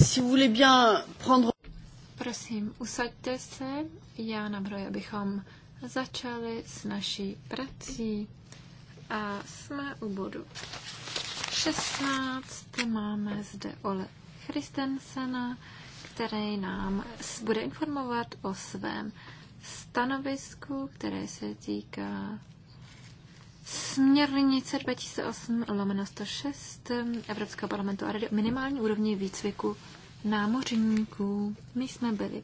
Si vous voulez bien prendre... Prosím, usaďte se. Já navrhuji, abychom začali s naší prací. A jsme u bodu 16. Máme zde Ole Christensena, který nám bude informovat o svém stanovisku, které se týká Směrnice 2008 lomeno 106 Evropského parlamentu a rady o minimální úrovni výcviku námořníků. My jsme byli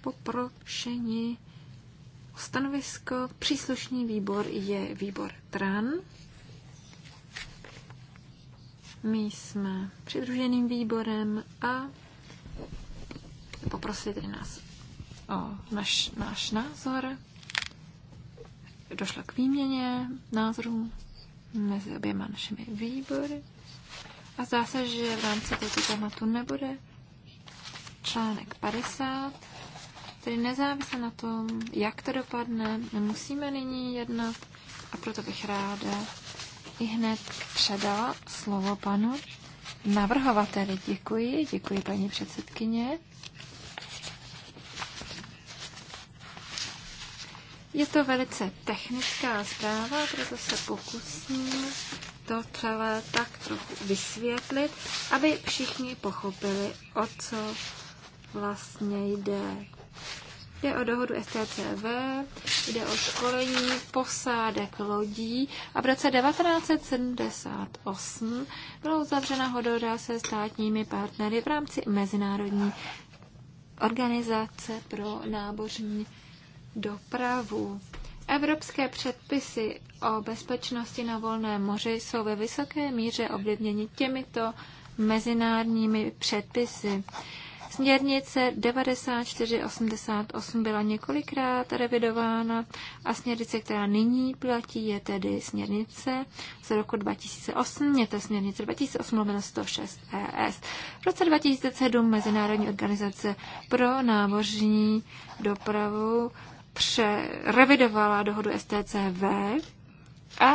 poprošeni o stanovisko. Příslušný výbor je výbor TRAN. My jsme přidruženým výborem a poprosili tedy nás o naš, náš názor došlo k výměně názorů mezi oběma našimi výbory a zdá se, že v rámci tohoto tématu nebude článek 50, tedy nezávisle na tom, jak to dopadne, nemusíme nyní jednat a proto bych ráda i hned předala slovo panu navrhovateli. Děkuji, děkuji paní předsedkyně. Je to velice technická zpráva, proto se pokusím to celé tak trochu vysvětlit, aby všichni pochopili, o co vlastně jde. Jde o dohodu STCV, jde o školení posádek lodí a v roce 1978 byla uzavřena hododa se státními partnery v rámci Mezinárodní organizace pro nábořní dopravu. Evropské předpisy o bezpečnosti na volném moři jsou ve vysoké míře ovlivněny těmito mezinárodními předpisy. Směrnice 9488 byla několikrát revidována a směrnice, která nyní platí, je tedy směrnice z roku 2008, je to směrnice 2008 106 ES. V roce 2007 Mezinárodní organizace pro námořní dopravu revidovala dohodu STCV a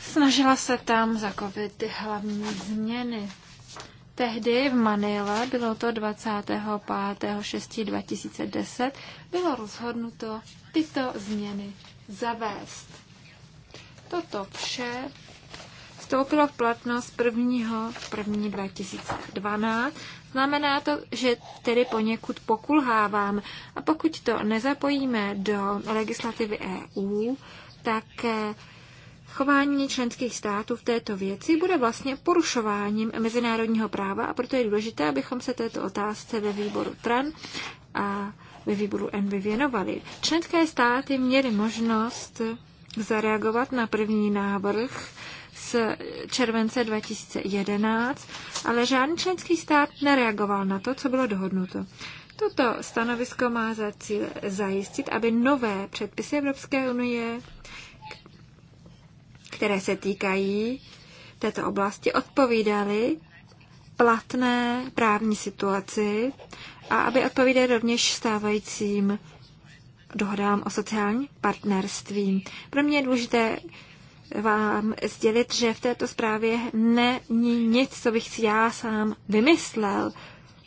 snažila se tam zakovit ty hlavní změny. Tehdy v Manila, bylo to 25.6.2010, bylo rozhodnuto tyto změny zavést. Toto vše vstoupilo v platnost 1.1.2012, 2012. Znamená to, že tedy poněkud pokulhávám. A pokud to nezapojíme do legislativy EU, tak eh, Chování členských států v této věci bude vlastně porušováním mezinárodního práva a proto je důležité, abychom se této otázce ve výboru TRAN a ve výboru ENVY věnovali. Členské státy měly možnost zareagovat na první návrh z července 2011, ale žádný členský stát nereagoval na to, co bylo dohodnuto. Toto stanovisko má za cíl zajistit, aby nové předpisy Evropské unie, které se týkají této oblasti, odpovídaly platné právní situaci a aby odpovídaly rovněž stávajícím dohodám o sociálním partnerství. Pro mě je důležité vám sdělit, že v této zprávě není nic, co bych si já sám vymyslel.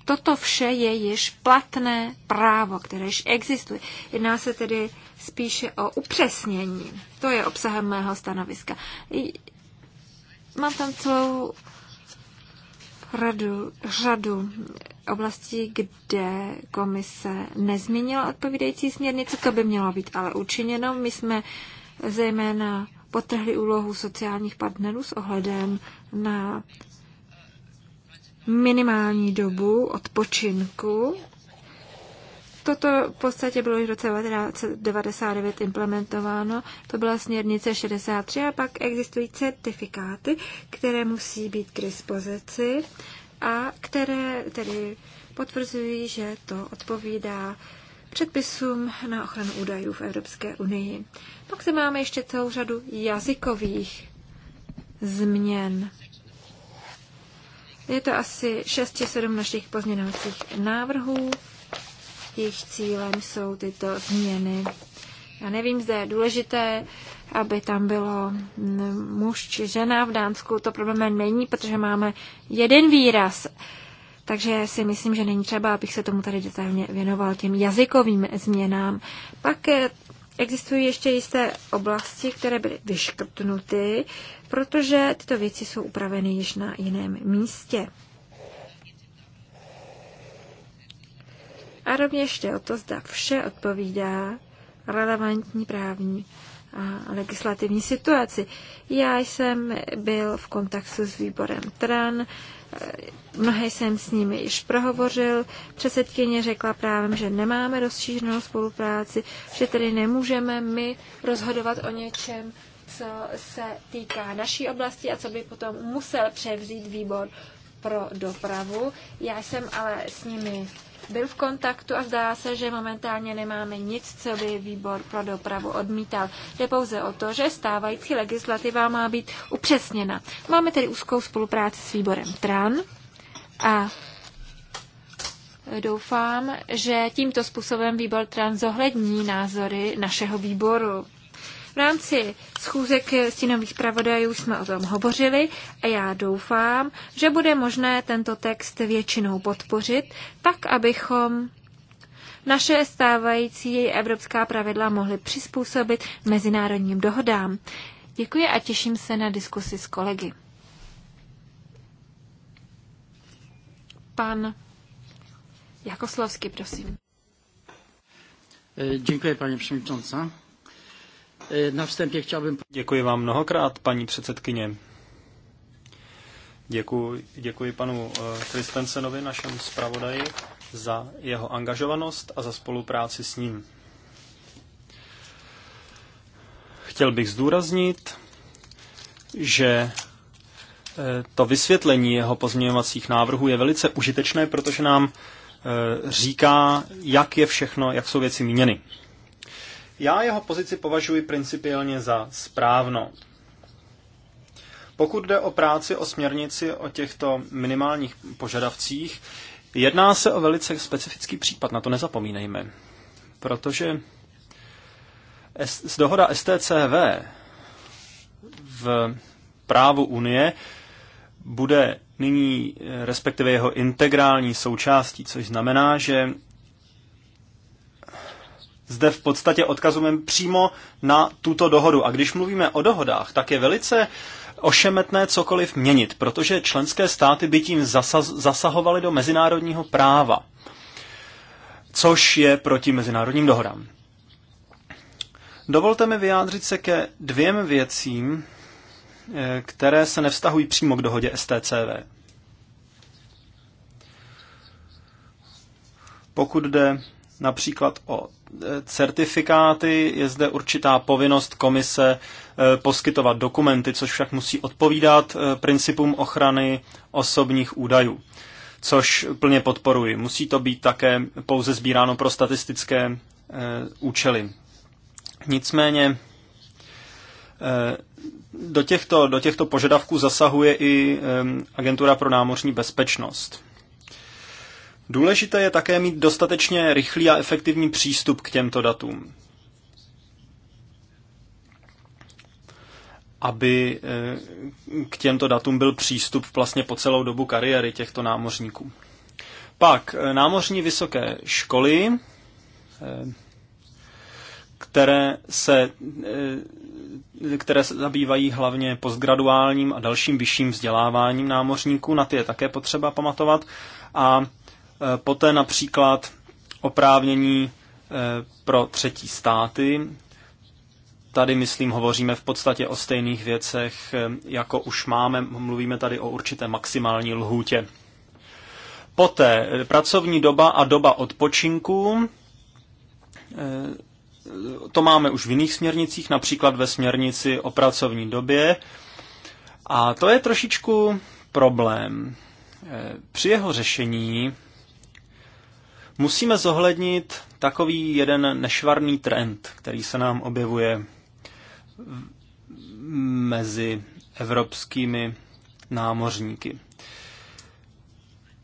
Toto vše je již platné právo, které již existuje. Jedná se tedy spíše o upřesnění. To je obsahem mého stanoviska. Mám tam celou radu, řadu oblastí, kde komise nezmínila odpovídající směrnice, to by mělo být ale učiněno. My jsme zejména potrhli úlohu sociálních partnerů s ohledem na minimální dobu odpočinku. Toto v podstatě bylo již v roce 1999 implementováno. To byla směrnice 63 a pak existují certifikáty, které musí být k dispozici a které tedy potvrzují, že to odpovídá předpisům na ochranu údajů v Evropské unii. Pak se máme ještě celou řadu jazykových změn. Je to asi 6-7 našich pozměňovacích návrhů. Jejich cílem jsou tyto změny. Já nevím, zde je důležité, aby tam bylo muž či žena v Dánsku. To problém není, protože máme jeden výraz takže si myslím, že není třeba, abych se tomu tady detailně věnoval těm jazykovým změnám. Pak eh, existují ještě jisté oblasti, které byly vyškrtnuty, protože tyto věci jsou upraveny již na jiném místě. A rovněž jde o to, zda vše odpovídá relevantní právní a legislativní situaci. Já jsem byl v kontaktu s výborem TRAN, Mnohé jsem s nimi již prohovořil. Předsedkyně řekla právě, že nemáme rozšířenou spolupráci, že tedy nemůžeme my rozhodovat o něčem, co se týká naší oblasti a co by potom musel převzít výbor pro dopravu. Já jsem ale s nimi byl v kontaktu a zdá se, že momentálně nemáme nic, co by výbor pro dopravu odmítal. Jde pouze o to, že stávající legislativa má být upřesněna. Máme tedy úzkou spolupráci s výborem TRAN a doufám, že tímto způsobem výbor TRAN zohlední názory našeho výboru rámci schůzek stínových pravodajů jsme o tom hovořili a já doufám, že bude možné tento text většinou podpořit, tak abychom naše stávající evropská pravidla mohly přizpůsobit mezinárodním dohodám. Děkuji a těším se na diskusi s kolegy. Pan Jakoslovský, prosím. Děkuji, paní předsedající na vstępie chciałbym... Děkuji vám mnohokrát, paní předsedkyně. Děkuji, děkuji panu eh, Kristensenovi, našemu zpravodaji, za jeho angažovanost a za spolupráci s ním. Chtěl bych zdůraznit, že eh, to vysvětlení jeho pozměňovacích návrhů je velice užitečné, protože nám eh, říká, jak je všechno, jak jsou věci míněny. Já jeho pozici považuji principiálně za správnou. Pokud jde o práci o směrnici o těchto minimálních požadavcích, jedná se o velice specifický případ, na to nezapomínejme. Protože z dohoda STCV v právu Unie bude nyní eh, respektive jeho integrální součástí, což znamená, že zde v podstatě odkazujeme přímo na tuto dohodu. A když mluvíme o dohodách, tak je velice ošemetné cokoliv měnit, protože členské státy by tím zasahovaly do mezinárodního práva, což je proti mezinárodním dohodám. Dovolte mi vyjádřit se ke dvěm věcím, eh, které se nevztahují přímo k dohodě STCV. Pokud jde například o certifikáty, je zde určitá povinnost komise eh, poskytovat dokumenty, což však musí odpovídat eh, principům ochrany osobních údajů, což plně podporuji. Musí to být také pouze sbíráno pro statistické eh, účely. Nicméně do těchto, do těchto požadavků zasahuje i Agentura pro námořní bezpečnost. Důležité je také mít dostatečně rychlý a efektivní přístup k těmto datům. aby eh, k těmto datům byl přístup vlastně po celou dobu kariéry těchto námořníků. Pak eh, námořní vysoké školy, eh, které se, které se zabývají hlavně postgraduálním a dalším vyšším vzděláváním námořníků, na ty je také potřeba pamatovat. A Eh, poté například oprávnění eh, pro třetí státy. Tady, myslím, hovoříme v podstatě o stejných věcech, eh, jako už máme. Mluvíme tady o určité maximální lhůtě. Poté pracovní doba a doba odpočinku. To máme už v jiných směrnicích, například ve směrnici o pracovní době. A to je trošičku problém. Při jeho řešení Musíme zohlednit takový jeden nešvarný trend, který se nám objevuje mezi evropskými námořníky.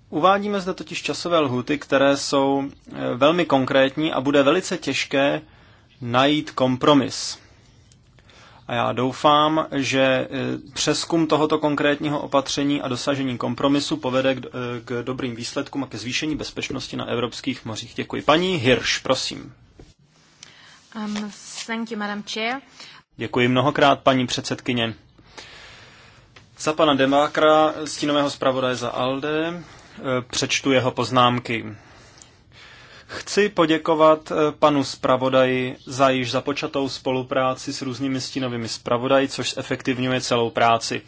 Uvádíme zde totiž časové lhuty, které jsou eh, velmi konkrétní a bude velice těžké najít kompromis. A já doufám, že e, přeskum tohoto konkrétního opatření a dosažení kompromisu povede e, k, dobrým výsledkům a ke zvýšení bezpečnosti na evropských mořích. Děkuji. Paní Hirš, prosím. Um, thank you, Madam Chair. Děkuji mnohokrát, paní předsedkyně. Za pana Demákra, stínového zpravodaje za ALDE, e, přečtu jeho poznámky. Chci poděkovat eh, panu zpravodaji za již započatou spolupráci s různými stínovými zpravodaji, což efektivňuje celou práci.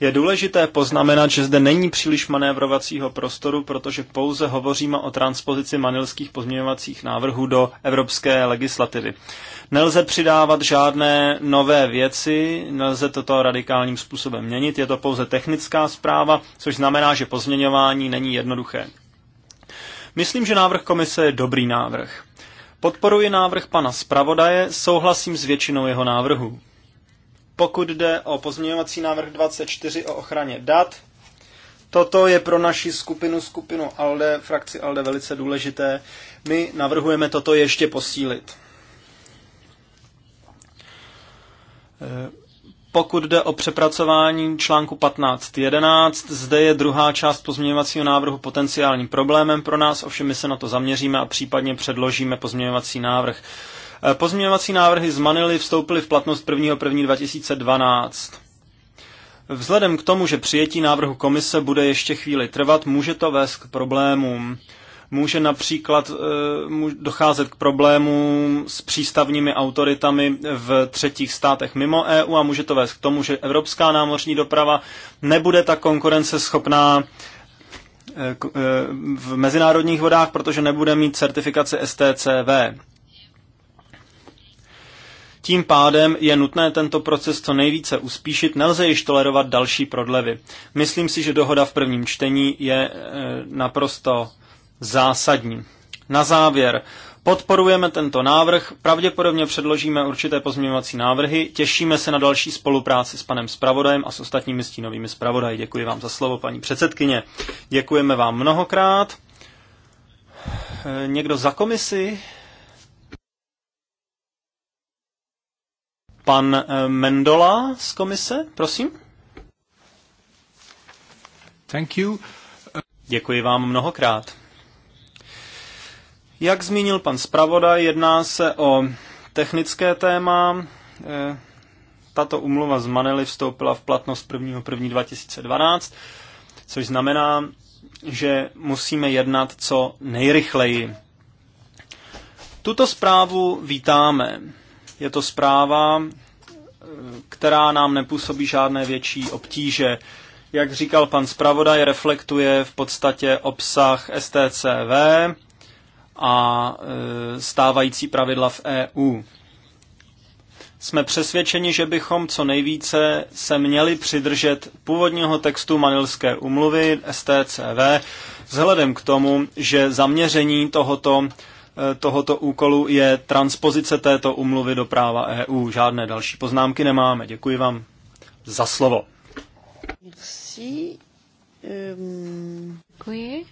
Je důležité poznamenat, že zde není příliš manévrovacího prostoru, protože pouze hovoříme o transpozici manilských pozměňovacích návrhů do evropské legislativy. Nelze přidávat žádné nové věci, nelze toto radikálním způsobem měnit, je to pouze technická zpráva, což znamená, že pozměňování není jednoduché. Myslím, že návrh komise je dobrý návrh. Podporuji návrh pana zpravodaje, souhlasím s většinou jeho návrhů. Pokud jde o pozměňovací návrh 24 o ochraně dat, toto je pro naši skupinu, skupinu ALDE, frakci ALDE velice důležité. My navrhujeme toto ještě posílit. Pokud jde o přepracování článku 15.11, zde je druhá část pozměňovacího návrhu potenciálním problémem pro nás, ovšem my se na to zaměříme a případně předložíme pozměňovací návrh. Eh, pozměňovací návrhy z Manily vstoupily v platnost 1.1.2012. Vzhledem k tomu, že přijetí návrhu komise bude ještě chvíli trvat, může to vést k problémům. Může například eh, docházet k problémům s přístavními autoritami v třetích státech mimo EU a může to vést k tomu, že evropská námořní doprava nebude tak konkurenceschopná eh, eh, v mezinárodních vodách, protože nebude mít certifikaci STCV. Tím pádem je nutné tento proces co nejvíce uspíšit, nelze již tolerovat další prodlevy. Myslím si, že dohoda v prvním čtení je naprosto zásadní. Na závěr, podporujeme tento návrh, pravděpodobně předložíme určité pozměňovací návrhy, těšíme se na další spolupráci s panem zpravodajem a s ostatními stínovými zpravodaji. Děkuji vám za slovo, paní předsedkyně. Děkujeme vám mnohokrát. Někdo za komisi? Pan eh, Mendola z komise, prosím. Thank you. Děkuji vám mnohokrát. Jak zmínil pan zpravodaj, jedná se o technické téma. E, tato umluva z Manely vstoupila v platnost 1.1.2012, což znamená, že musíme jednat co nejrychleji. Tuto zprávu vítáme. Je to zpráva, e, která nám nepůsobí žádné větší obtíže. Jak říkal pan zpravodaj, reflektuje v podstatě obsah STCV, a e, stávající pravidla v EU. Jsme přesvědčeni, že bychom co nejvíce se měli přidržet původního textu Manilské umluvy STCV, vzhledem k tomu, že zaměření tohoto, e, tohoto úkolu je transpozice této umluvy do práva EU. Žádné další poznámky nemáme. Děkuji vám za slovo. Merci. Um, děkuji.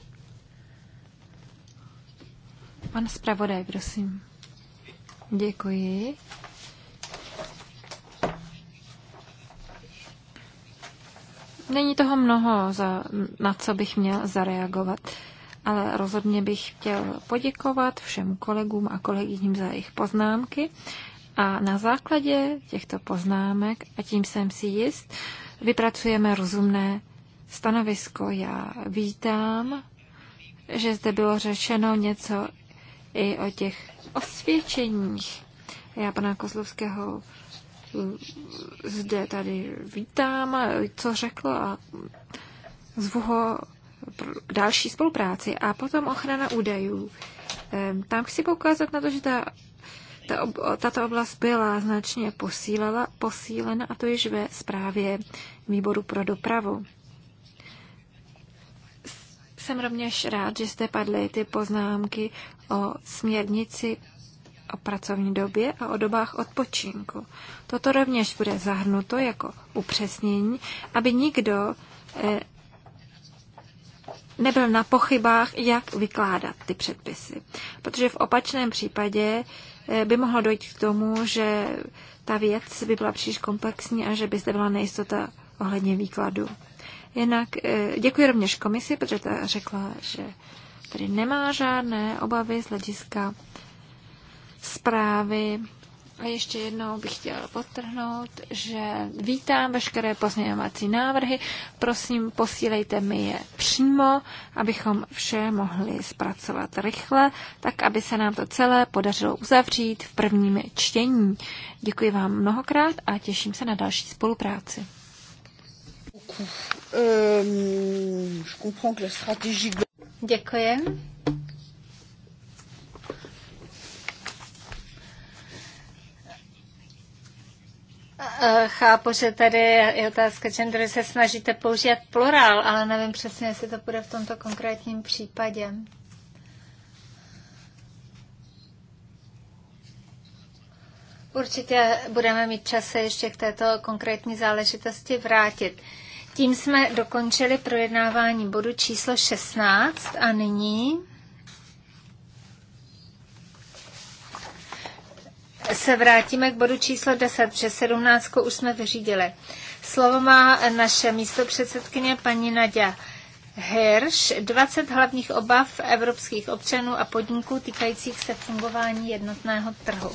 Pan zpravodaj, prosím. Děkuji. Není toho mnoho, za, na co bych měl zareagovat, ale rozhodně bych chtěl poděkovat všem kolegům a kolegyním za jejich poznámky. A na základě těchto poznámek, a tím jsem si jist, vypracujeme rozumné stanovisko. Já vítám, že zde bylo řečeno něco i o těch osvědčeních. Já pana Kozlovského mm, zde tady vítám, co řekl a zvu ho k další spolupráci. A potom ochrana údajů. Tam chci poukázat na to, že ta, ta, tato oblast byla značně posílala, posílena a to již ve zprávě výboru pro dopravu. Jsem rovněž rád, že jste padly ty poznámky o směrnici o pracovní době a o dobách odpočinku. Toto rovněž bude zahrnuto jako upřesnění, aby nikdo eh, nebyl na pochybách, jak vykládat ty předpisy. Protože v opačném případě eh, by mohlo dojít k tomu, že ta věc by byla příliš komplexní a že by zde byla nejistota ohledně výkladu. Jinak eh, děkuji rovněž komisi, protože ta řekla, že tedy nemá žádné obavy z hlediska zprávy. A ještě jednou bych chtěla potrhnout, že vítám veškeré pozměňovací návrhy. Prosím, posílejte mi je přímo, abychom vše mohli zpracovat rychle, tak aby se nám to celé podařilo uzavřít v prvním čtení. Děkuji vám mnohokrát a těším se na další spolupráci. Um, je comprends que la stratégie Děkuji. Chápu, že tady je otázka genderu, se snažíte použít plurál, ale nevím přesně, jestli to bude v tomto konkrétním případě. Určitě budeme mít čas se ještě k této konkrétní záležitosti vrátit. Tím jsme dokončili projednávání bodu číslo 16 a nyní se vrátíme k bodu číslo 10, že 17 už jsme vyřídili. Slovo má naše místopředsedkyně paní Nadia Hirsch, 20 hlavních obav evropských občanů a podniků týkajících se fungování jednotného trhu.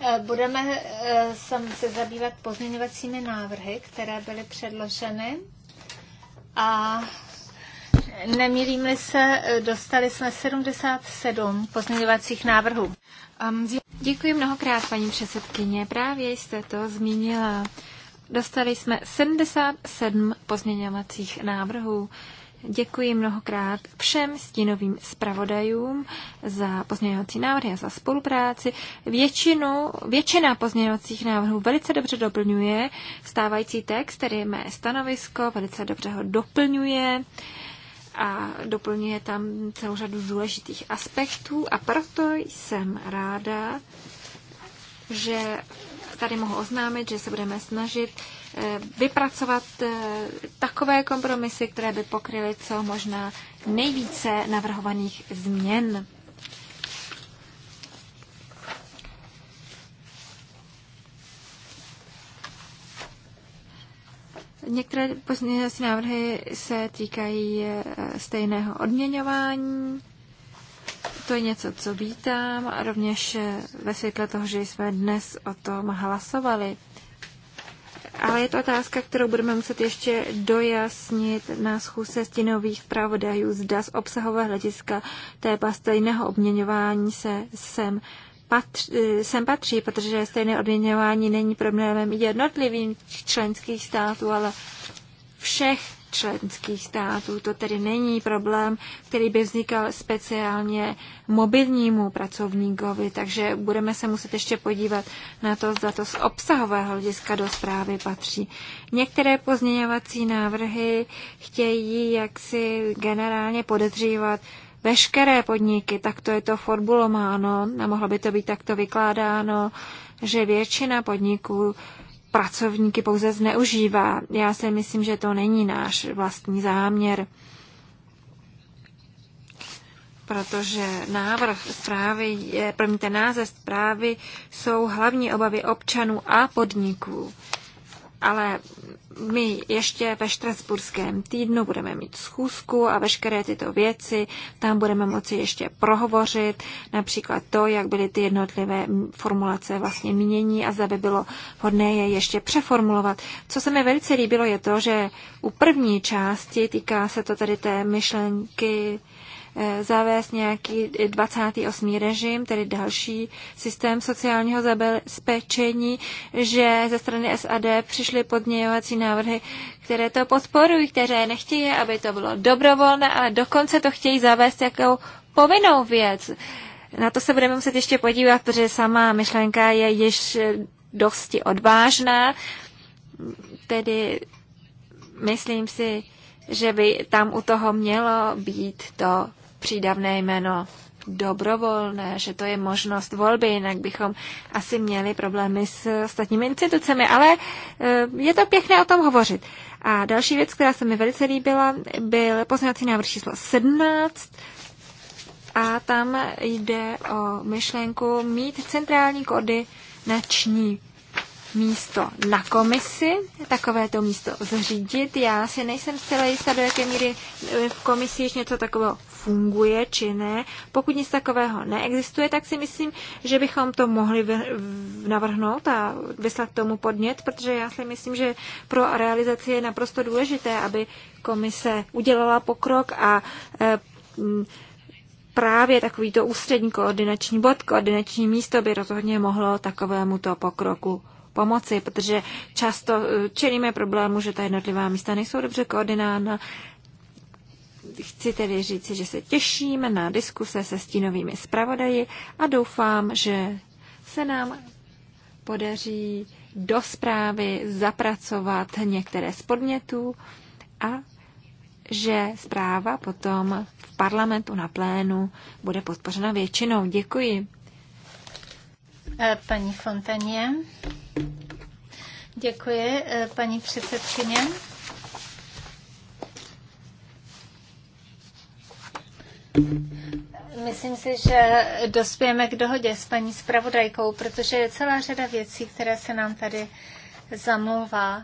Eh, budeme eh, se zabývat pozměňovacími návrhy, které byly předloženy. A nemýlím se, eh, dostali jsme 77 pozměňovacích návrhů. Děkuji mnohokrát, paní předsedkyně. Právě jste to zmínila. Dostali jsme 77 pozměňovacích návrhů. Děkuji mnohokrát všem stínovým zpravodajům za pozměňovací návrhy a za spolupráci. Většinu, většina pozměňovacích návrhů velice dobře doplňuje stávající text, který je mé stanovisko, velice dobře ho doplňuje a doplňuje tam celou řadu důležitých aspektů a proto jsem ráda, že tady mohu oznámit, že se budeme snažit eh, vypracovat eh, takové kompromisy, které by pokryly co možná nejvíce navrhovaných změn. Některé pozměňovací návrhy se týkají eh, stejného odměňování. To je něco, co vítám a rovněž eh, ve světle toho, že jsme dnes o tom hlasovali. Ale je to otázka, kterou budeme muset ještě dojasnit na schůze stinových pravodajů. Zda z obsahové hlediska té stejného obměňování se sem patří, eh, sem patří, protože stejné odměňování není problémem jednotlivých členských států, ale všech členských států. To tedy není problém, který by vznikal speciálně mobilnímu pracovníkovi, takže budeme se muset ještě podívat na to, zda to z obsahového hlediska do zprávy patří. Některé pozměňovací návrhy chtějí jaksi generálně podezřívat veškeré podniky, tak to je to formulováno a mohlo by to být takto vykládáno, že většina podniků pracovníky pouze zneužívá. Já si myslím, že to není náš vlastní záměr, protože návrh zprávy, promiňte, název zprávy jsou hlavní obavy občanů a podniků ale my ještě ve Štrasburském týdnu budeme mít schůzku a veškeré tyto věci tam budeme moci ještě prohovořit, například to, jak byly ty jednotlivé formulace vlastně mínění a zda by bylo hodné je ještě přeformulovat. Co se mi velice líbilo je to, že u první části týká se to tady té myšlenky Eh, zavést nějaký 28. režim, tedy další systém sociálního zabezpečení, že ze strany SAD přišly podmějovací návrhy, které to podporují, které nechtějí, aby to bylo dobrovolné, ale dokonce to chtějí zavést jako povinnou věc. Na to se budeme muset ještě podívat, protože sama myšlenka je již dosti odvážná. Tedy myslím si, že by tam u toho mělo být to přídavné jméno dobrovolné, že to je možnost volby, jinak bychom asi měli problémy s ostatními institucemi, ale eh, je to pěkné o tom hovořit. A další věc, která se mi velice líbila, byl pozměňovací návrh číslo 17, a tam jde o myšlenku mít centrální koordinační místo na komisi, takové to místo zřídit. Já si nejsem zcela jistá, do jaké míry eh, v komisi již něco takového funguje či ne. Pokud nic takového neexistuje, tak si myslím, že bychom to mohli navrhnout a vyslat tomu podnět, protože já si myslím, že pro realizaci je naprosto důležité, aby komise udělala pokrok a eh, právě takovýto ústřední koordinační bod, koordinační místo by rozhodně mohlo takovému to pokroku pomoci, protože často eh, čelíme problému, že ta jednotlivá místa nejsou dobře koordinána. Chci tedy říci, že se těšíme na diskuse se stínovými zpravodaji a doufám, že se nám podaří do zprávy zapracovat některé z podnětů a že zpráva potom v parlamentu na plénu bude podpořena většinou. Děkuji. Eh, paní Fontaně. Děkuji, eh, paní předsedkyně. Myslím si, že dospějeme k dohodě s paní zpravodajkou, protože je celá řada věcí, které se nám tady zamlouvá.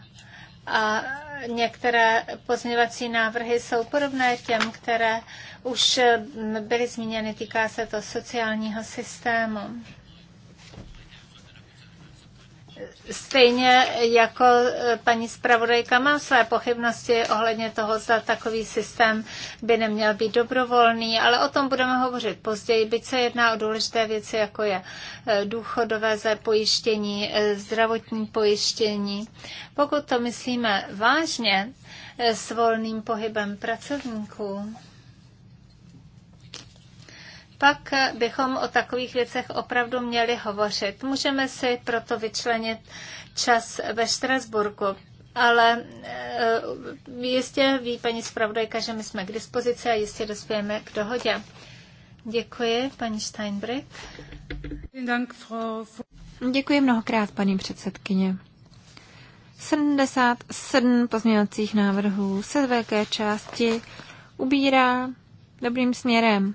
A některé pozměňovací návrhy jsou podobné těm, které už byly zmíněny. Týká se to sociálního systému. Stejně jako eh, paní zpravodajka mám své pochybnosti ohledně toho, zda takový systém by neměl být dobrovolný, ale o tom budeme hovořit později, byť se jedná o důležité věci, jako je eh, důchodové pojištění, eh, zdravotní pojištění. Pokud to myslíme vážně s volným pohybem pracovníků, pak bychom o takových věcech opravdu měli hovořit. Můžeme si proto vyčlenit čas ve Štrasburku. Ale eh, jistě ví paní zpravodajka, že my jsme k dispozici a jistě dospějeme k dohodě. Děkuji, paní Steinbrück. Děkuji mnohokrát, paní předsedkyně. 77 pozměňovacích návrhů se z velké části ubírá dobrým směrem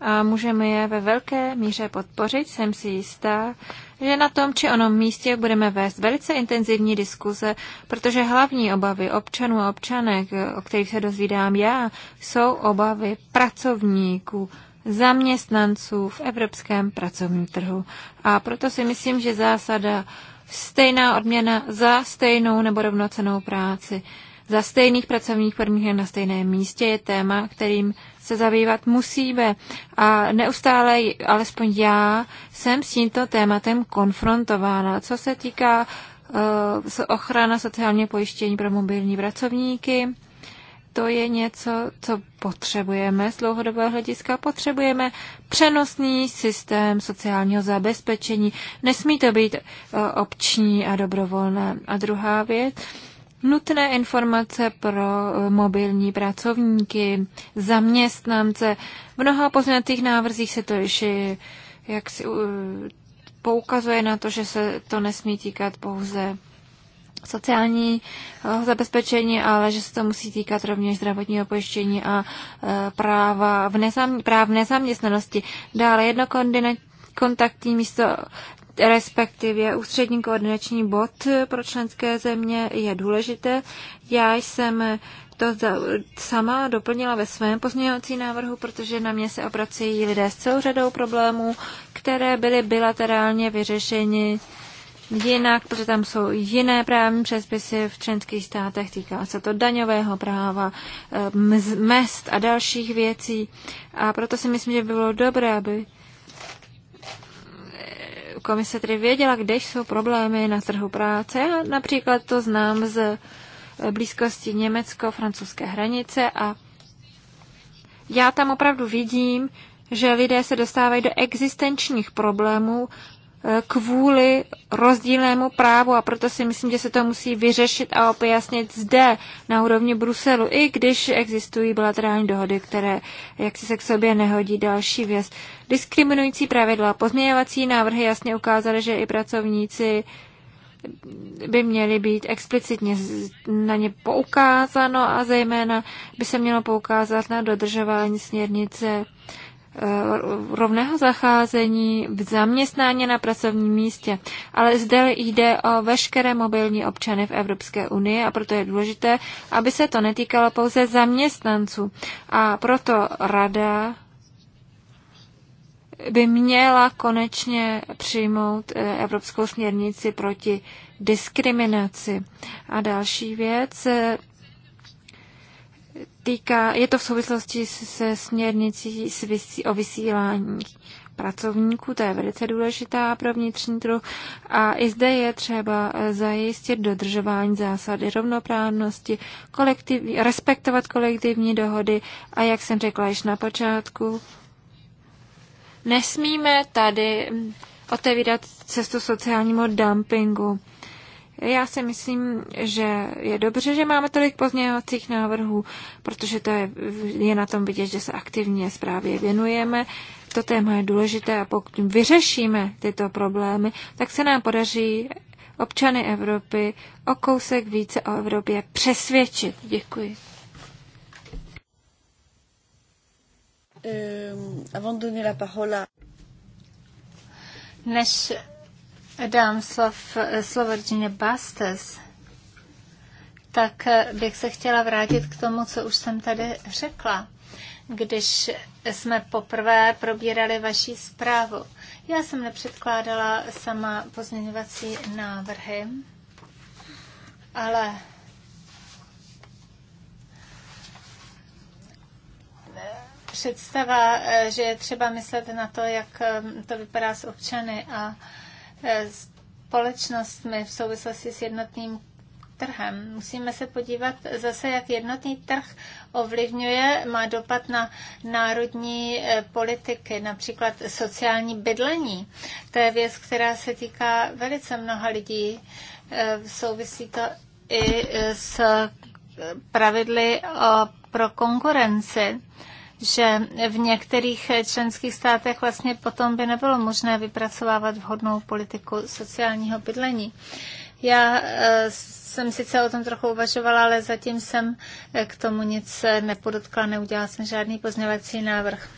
a můžeme je ve velké míře podpořit. Jsem si jistá, že na tom či onom místě budeme vést velice intenzivní diskuze, protože hlavní obavy občanů a občanek, o kterých se dozvídám já, jsou obavy pracovníků, zaměstnanců v evropském pracovním trhu. A proto si myslím, že zásada stejná odměna za stejnou nebo rovnocenou práci za stejných pracovních podmínek na stejném místě je téma, kterým se zabývat musíme. A neustále, alespoň já, jsem s tímto tématem konfrontována. Co se týká uh, ochrana sociálně pojištění pro mobilní pracovníky, to je něco, co potřebujeme z dlouhodobého hlediska. Potřebujeme přenosný systém sociálního zabezpečení. Nesmí to být eh, obční a dobrovolné. A druhá věc, nutné informace pro eh, mobilní pracovníky, zaměstnance. V mnoha poznatých návrzích se to ještě eh, jak si, poukazuje na to, že se to nesmí týkat pouze sociální zabezpečení, ale že se to musí týkat rovněž zdravotního pojištění a eh, práva v nezam, práv nezaměstnanosti. Dále jedno kontaktní místo respektive ústřední koordinační bod pro členské země je důležité. Já jsem to sama doplnila ve svém pozměňovací návrhu, protože na mě se obracejí lidé s celou řadou problémů, které byly bilaterálně vyřešeny jinak, protože tam jsou jiné právní přespisy v členských státech, týká se to daňového práva, eh, mest a dalších věcí. A proto si myslím, že by bylo dobré, aby komise tedy věděla, kde jsou problémy na trhu práce. Já například to znám z blízkosti německo-francouzské hranice a já tam opravdu vidím, že lidé se dostávají do existenčních problémů eh, kvůli rozdílnému právu a proto si myslím, že se to musí vyřešit a opjasnit zde na úrovni Bruselu, i když existují bilaterální dohody, které jak si se k sobě nehodí další věc diskriminující pravidla. Pozměňovací návrhy jasně ukázaly, že i pracovníci by měly být explicitně na ně poukázáno a zejména by se mělo poukázat na dodržování směrnice eh, rovného zacházení v zaměstnání na pracovním místě. Ale zde jde o veškeré mobilní občany v Evropské unii a proto je důležité, aby se to netýkalo pouze zaměstnanců. A proto rada by měla konečně přijmout eh, Evropskou směrnici proti diskriminaci. A další věc, eh, týká, je to v souvislosti se směrnicí o vysílání pracovníků, to je velice důležitá pro vnitřní trh a i zde je třeba eh, zajistit dodržování zásady rovnoprávnosti, kolektiv, respektovat kolektivní dohody a jak jsem řekla již na počátku, Nesmíme tady otevírat cestu sociálnímu dumpingu. Já si myslím, že je dobře, že máme tolik pozměňovacích návrhů, protože to je, je na tom vidět, že se aktivně zprávě věnujeme. To téma je důležité a pokud vyřešíme tyto problémy, tak se nám podaří občany Evropy o kousek více o Evropě přesvědčit. Děkuji. Ehm, avant de donner la parole à... Než dám slov, slovo Virginie Bastes, tak bych se chtěla vrátit k tomu, co už jsem tady řekla, když jsme poprvé probírali vaši zprávu. Já jsem nepředkládala sama pozměňovací návrhy, ale představa, eh, že je třeba myslet na to, jak eh, to vypadá s občany a eh, společnostmi v souvislosti s jednotným trhem. Musíme se podívat zase, jak jednotný trh ovlivňuje, má dopad na národní politiky, například sociální bydlení. To je věc, která se týká velice mnoha lidí. Souvisí to i s pravidly pro konkurenci že v některých členských státech vlastně potom by nebylo možné vypracovávat vhodnou politiku sociálního bydlení. Já eh, jsem sice o tom trochu uvažovala, ale zatím jsem eh, k tomu nic eh, nepodotkla, neudělala jsem žádný pozměvací návrh.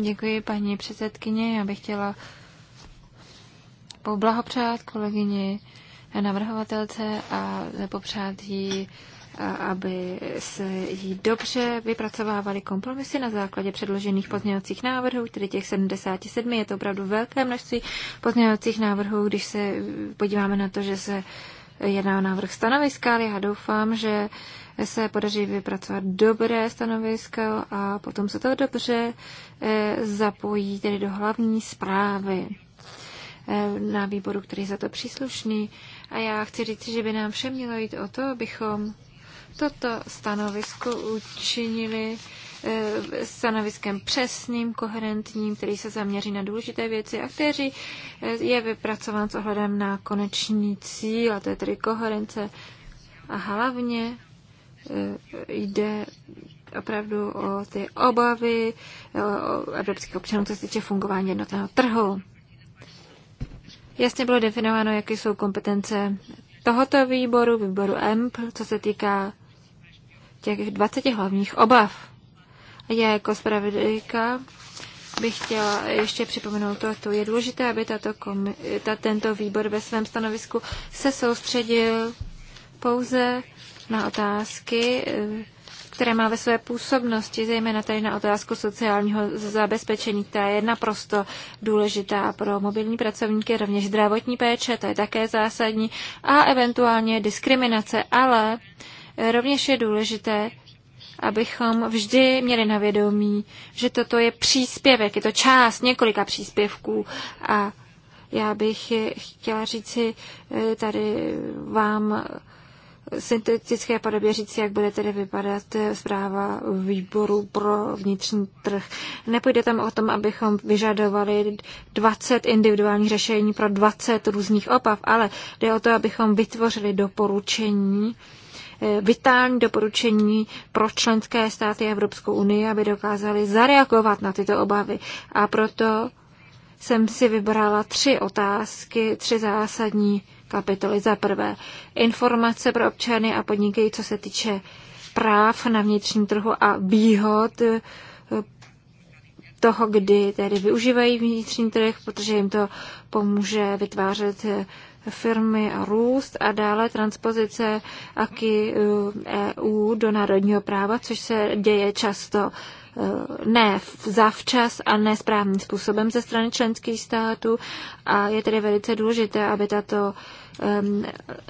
Děkuji, paní předsedkyně. Já bych chtěla poblahopřát kolegyni navrhovatelce a popřát jí aby se jí dobře vypracovávaly kompromisy na základě předložených pozměňovacích návrhů, tedy těch 77. Je to opravdu velké množství pozměňovacích návrhů, když se podíváme na to, že se jedná o návrh stanoviska, ale já doufám, že se podaří vypracovat dobré stanovisko a potom se to dobře eh, zapojí tedy do hlavní zprávy eh, na výboru, který je za to příslušný. A já chci říct, že by nám všem mělo jít o to, abychom toto stanovisko učinili eh, stanoviskem přesným, koherentním, který se zaměří na důležité věci a který eh, je vypracován s ohledem na koneční cíl, a to je tedy koherence. A hlavně eh, jde opravdu o ty obavy o evropských občanů, co se týče fungování jednotného trhu. Jasně bylo definováno, jaké jsou kompetence tohoto výboru, výboru EMP, co se týká těch 20 hlavních obav. já jako zpravodajka bych chtěla ještě připomenout to, to je důležité, aby tato komi- ta, tento výbor ve svém stanovisku se soustředil pouze na otázky, které má ve své působnosti, zejména tady na otázku sociálního zabezpečení, která je naprosto důležitá pro mobilní pracovníky, rovněž zdravotní péče, to je také zásadní, a eventuálně diskriminace, ale Rovněž je důležité, abychom vždy měli na vědomí, že toto je příspěvek, je to část několika příspěvků a já bych chtěla říci eh, tady vám syntetické podobě říct, jak bude tedy vypadat zpráva výboru pro vnitřní trh. Nepůjde tam o tom, abychom vyžadovali 20 individuálních řešení pro 20 různých opav, ale jde o to, abychom vytvořili doporučení, vitální doporučení pro členské státy Evropskou unii, aby dokázali zareagovat na tyto obavy. A proto jsem si vybrala tři otázky, tři zásadní kapitoly. Za prvé, informace pro občany a podniky, co se týče práv na vnitřním trhu a výhod eh, toho, kdy tedy využívají vnitřní trh, protože jim to pomůže vytvářet eh, firmy růst a dále transpozice aky EU eh, e do národního práva, což se děje často eh, ne zavčas a nesprávným způsobem ze strany členských států a je tedy velice důležité, aby tato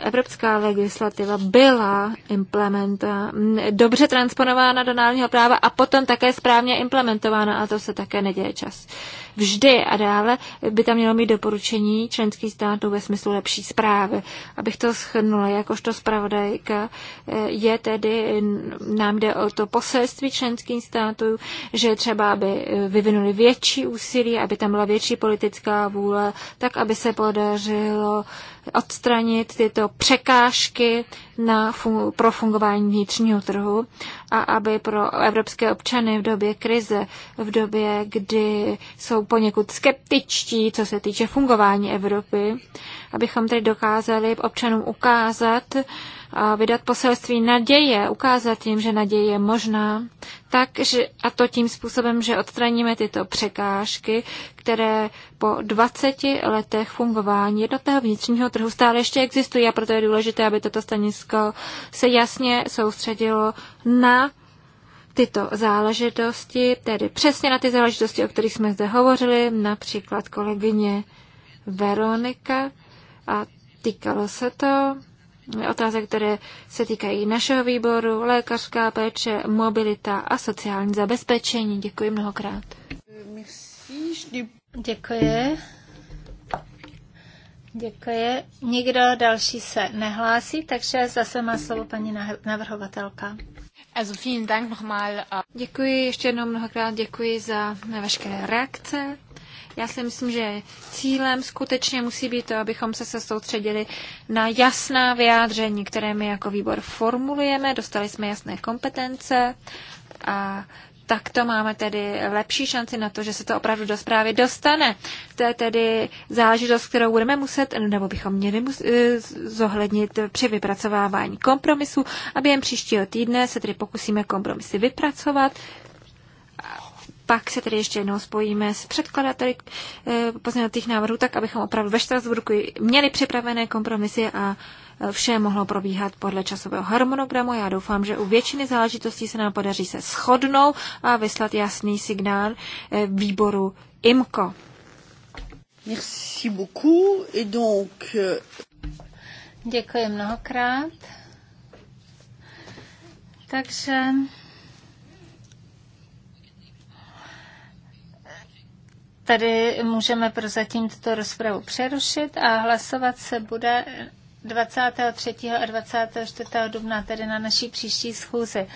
evropská legislativa byla implementa, dobře transponována do národního práva a potom také správně implementována a to se také neděje čas, vždy a dále by tam mělo mít doporučení členských států ve smyslu lepší zprávy. Abych to shrnula, jakožto zpravodajka eh, je tedy, nám jde o to poselství členských států, že třeba aby eh, vyvinuli větší úsilí, aby tam byla větší politická vůle, tak aby se podařilo odstranit tyto překážky na fun- pro fungování vnitřního trhu a aby pro evropské občany v době krize, v době, kdy jsou jsou poněkud skeptičtí, co se týče fungování Evropy, abychom tedy dokázali občanům ukázat, a vydat poselství naděje, ukázat jim, že naděje je možná, tak, že, a to tím způsobem, že odstraníme tyto překážky, které po 20 letech fungování jednotného vnitřního trhu stále ještě existují a proto je důležité, aby toto stanisko se jasně soustředilo na tyto záležitosti, tedy přesně na ty záležitosti, o kterých jsme zde hovořili, například kolegyně Veronika a týkalo se to otázek, které se týkají našeho výboru, lékařská péče, mobilita a sociální zabezpečení. Děkuji mnohokrát. Děkuji. Děkuji. Nikdo další se nehlásí, takže zase má slovo paní navrhovatelka. Äh, děkuji ještě jednou mnohokrát, děkuji za veškeré reakce. Já si myslím, že cílem skutečně musí být to, abychom se, se soustředili na jasná vyjádření, které my jako výbor formulujeme, dostali jsme jasné kompetence a tak to máme tedy lepší šanci na to, že se to opravdu do zprávy dostane. To je tedy záležitost, kterou budeme muset, nebo bychom měli eh, zohlednit při vypracovávání kompromisu a během příštího týdne se tedy pokusíme kompromisy vypracovat. Pak se tedy ještě jednou spojíme s předkladateli eh, pozměnatých návrhů, tak abychom opravdu ve Štrasburku měli připravené kompromisy a vše mohlo probíhat podle časového harmonogramu. Já doufám, že u většiny záležitostí se nám podaří se shodnout a vyslat jasný signál eh, výboru IMCO. Merci beaucoup. Et donc... Euh, Děkuji mnohokrát. Takže tady můžeme prozatím tuto rozpravu přerušit a hlasovat se bude 23. a 24. dubna, tedy na naší příští schůzi.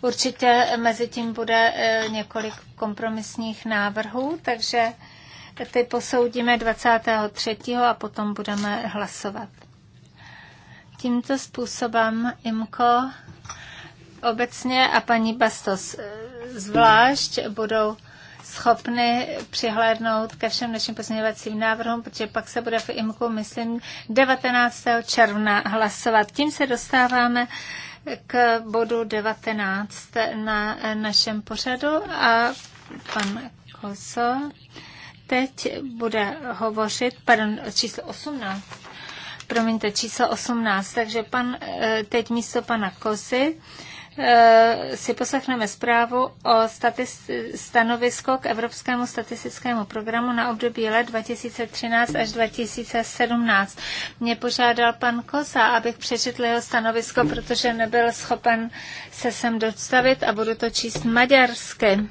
Určitě mezi tím bude eh, několik kompromisních návrhů, takže ty posoudíme 23. a potom budeme hlasovat. Tímto způsobem IMKO obecně a paní Bastos eh, zvlášť budou schopny přihlédnout ke všem našim pozměňovacím návrhům, protože pak se bude v IMKU, myslím, 19. června hlasovat. Tím se dostáváme k bodu 19 na našem pořadu a pan Kozo teď bude hovořit, pardon, číslo 18, promiňte, číslo 18, takže pan, eh, teď místo pana Kozy Eh, si poslechneme zprávu o stanovisko k Evropskému statistickému programu na období let 2013 až 2017. Mě požádal pan Kosa, abych přečetl jeho stanovisko, protože nebyl schopen se sem dostavit a budu to číst maďarsky.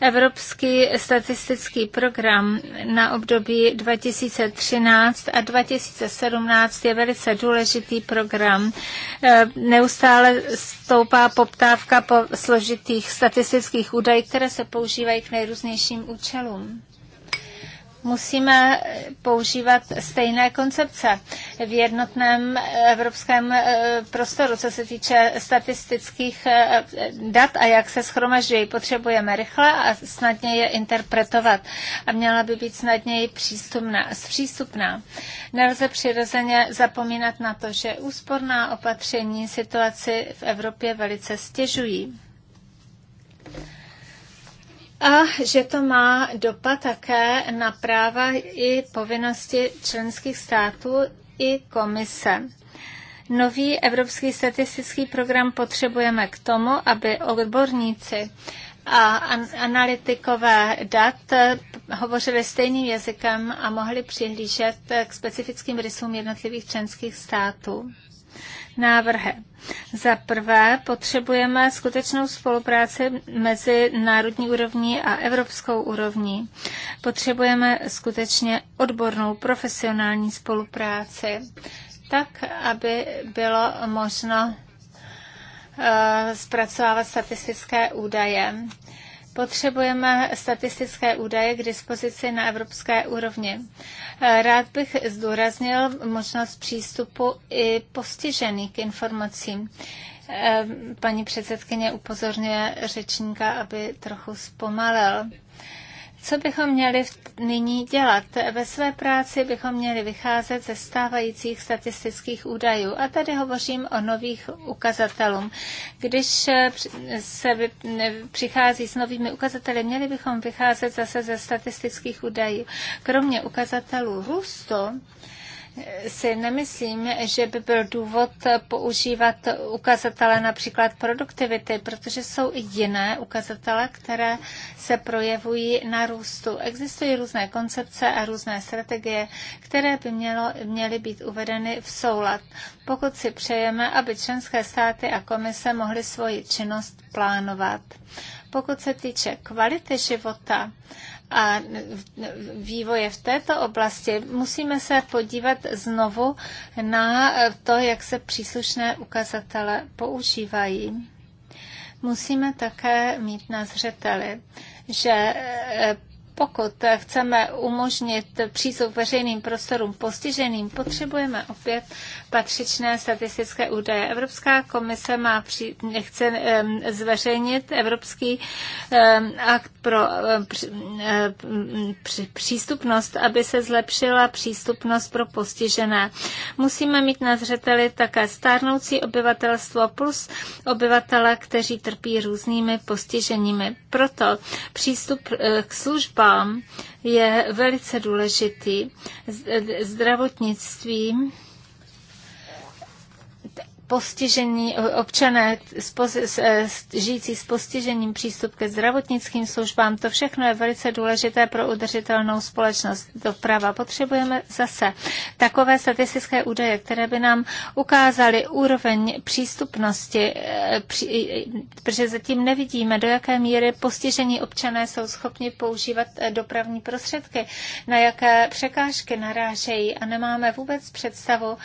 Evropský statistický program na období 2013 a 2017 je velice důležitý program. E, neustále stoupá poptávka po složitých statistických údajích, které se používají k nejrůznějším účelům musíme používat stejné koncepce v jednotném eh, evropském eh, prostoru, co se týče statistických eh, dat a jak se schromažďují. Potřebujeme rychle a snadně je interpretovat a měla by být snadněji přístupná. přístupná. Nelze přirozeně zapomínat na to, že úsporná opatření situaci v Evropě velice stěžují a že to má dopad také na práva i povinnosti členských států i komise. Nový evropský statistický program potřebujeme k tomu, aby odborníci a analytikové dat hovořili stejným jazykem a mohli přihlížet k specifickým rysům jednotlivých členských států. Návrhy za prvé potřebujeme skutečnou spolupráci mezi národní úrovní a evropskou úrovní. Potřebujeme skutečně odbornou profesionální spolupráci, tak, aby bylo možno eh, zpracovávat statistické údaje Potřebujeme statistické údaje k dispozici na evropské úrovni. Rád bych zdůraznil možnost přístupu i postižených k informacím. Paní předsedkyně upozorňuje řečníka, aby trochu zpomalil. Co bychom měli nyní dělat? Ve své práci bychom měli vycházet ze stávajících statistických údajů. A tady hovořím o nových ukazatelům. Když eh, se přichází s novými ukazateli, měli bychom vycházet zase ze statistických údajů. Kromě ukazatelů růstu, si nemyslím, že by byl důvod používat ukazatele například produktivity, protože jsou i jiné ukazatele, které se projevují na růstu. Existují různé koncepce a různé strategie, které by mělo, měly být uvedeny v soulad, pokud si přejeme, aby členské státy a komise mohly svoji činnost plánovat. Pokud se týče kvality života, a vývoje v této oblasti, musíme se podívat znovu na to, jak se příslušné ukazatele používají. Musíme také mít na zřeteli, že pokud chceme umožnit přístup veřejným prostorům postiženým, potřebujeme opět patřičné statistické údaje. Evropská komise má při, chce zveřejnit Evropský akt pro přístupnost, aby se zlepšila přístupnost pro postižené. Musíme mít na zřeteli také stárnoucí obyvatelstvo plus obyvatele, kteří trpí různými postiženími. Proto přístup eh, k službám vám je velice důležitý. Zdravotnictví postižení, občané eh, žijící s postižením přístup ke zdravotnickým službám, to všechno je velice důležité pro udržitelnou společnost. Doprava potřebujeme zase takové statistické údaje, které by nám ukázaly úroveň přístupnosti, eh, eh, protože zatím nevidíme, do jaké míry postižení občané jsou schopni používat dopravní prostředky, na jaké překážky narážejí a nemáme vůbec představu,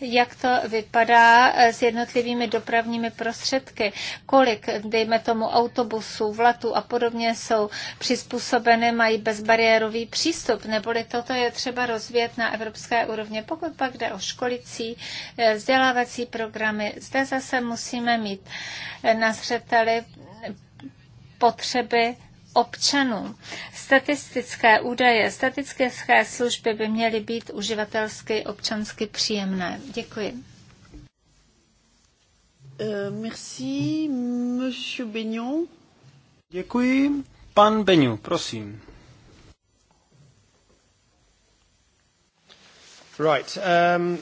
jak to vypadá s jednotlivými dopravními prostředky, kolik, dejme tomu, autobusů, vlatů a podobně jsou přizpůsobeny, mají bezbariérový přístup, neboli toto je třeba rozvíjet na evropské úrovně. Pokud pak jde o školicí, eh, vzdělávací programy, zde zase musíme mít eh, na zřeteli potřeby občanů. Statistické údaje, statistické služby by měly být uživatelsky, občansky příjemné. Děkuji. Uh, merci, monsieur Beignon. Děkuji. Pan Beňu, prosím. Right, um...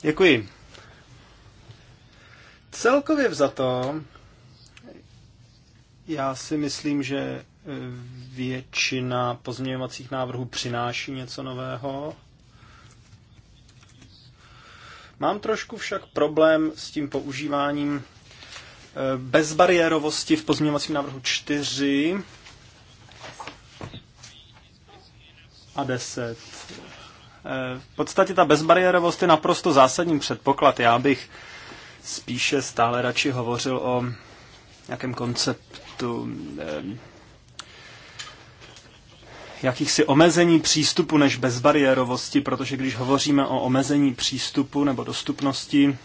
Děkuji. Celkově vzato, já si myslím, že většina pozměňovacích návrhů přináší něco nového. Mám trošku však problém s tím používáním eh, bezbariérovosti v pozměňovacím návrhu 4 a 10. Eh, v podstatě ta bezbariérovost je naprosto zásadní předpoklad. Já bych spíše stále radši hovořil o nějakém konceptu eh, jakýchsi omezení přístupu než bezbariérovosti, protože když hovoříme o omezení přístupu nebo dostupnosti,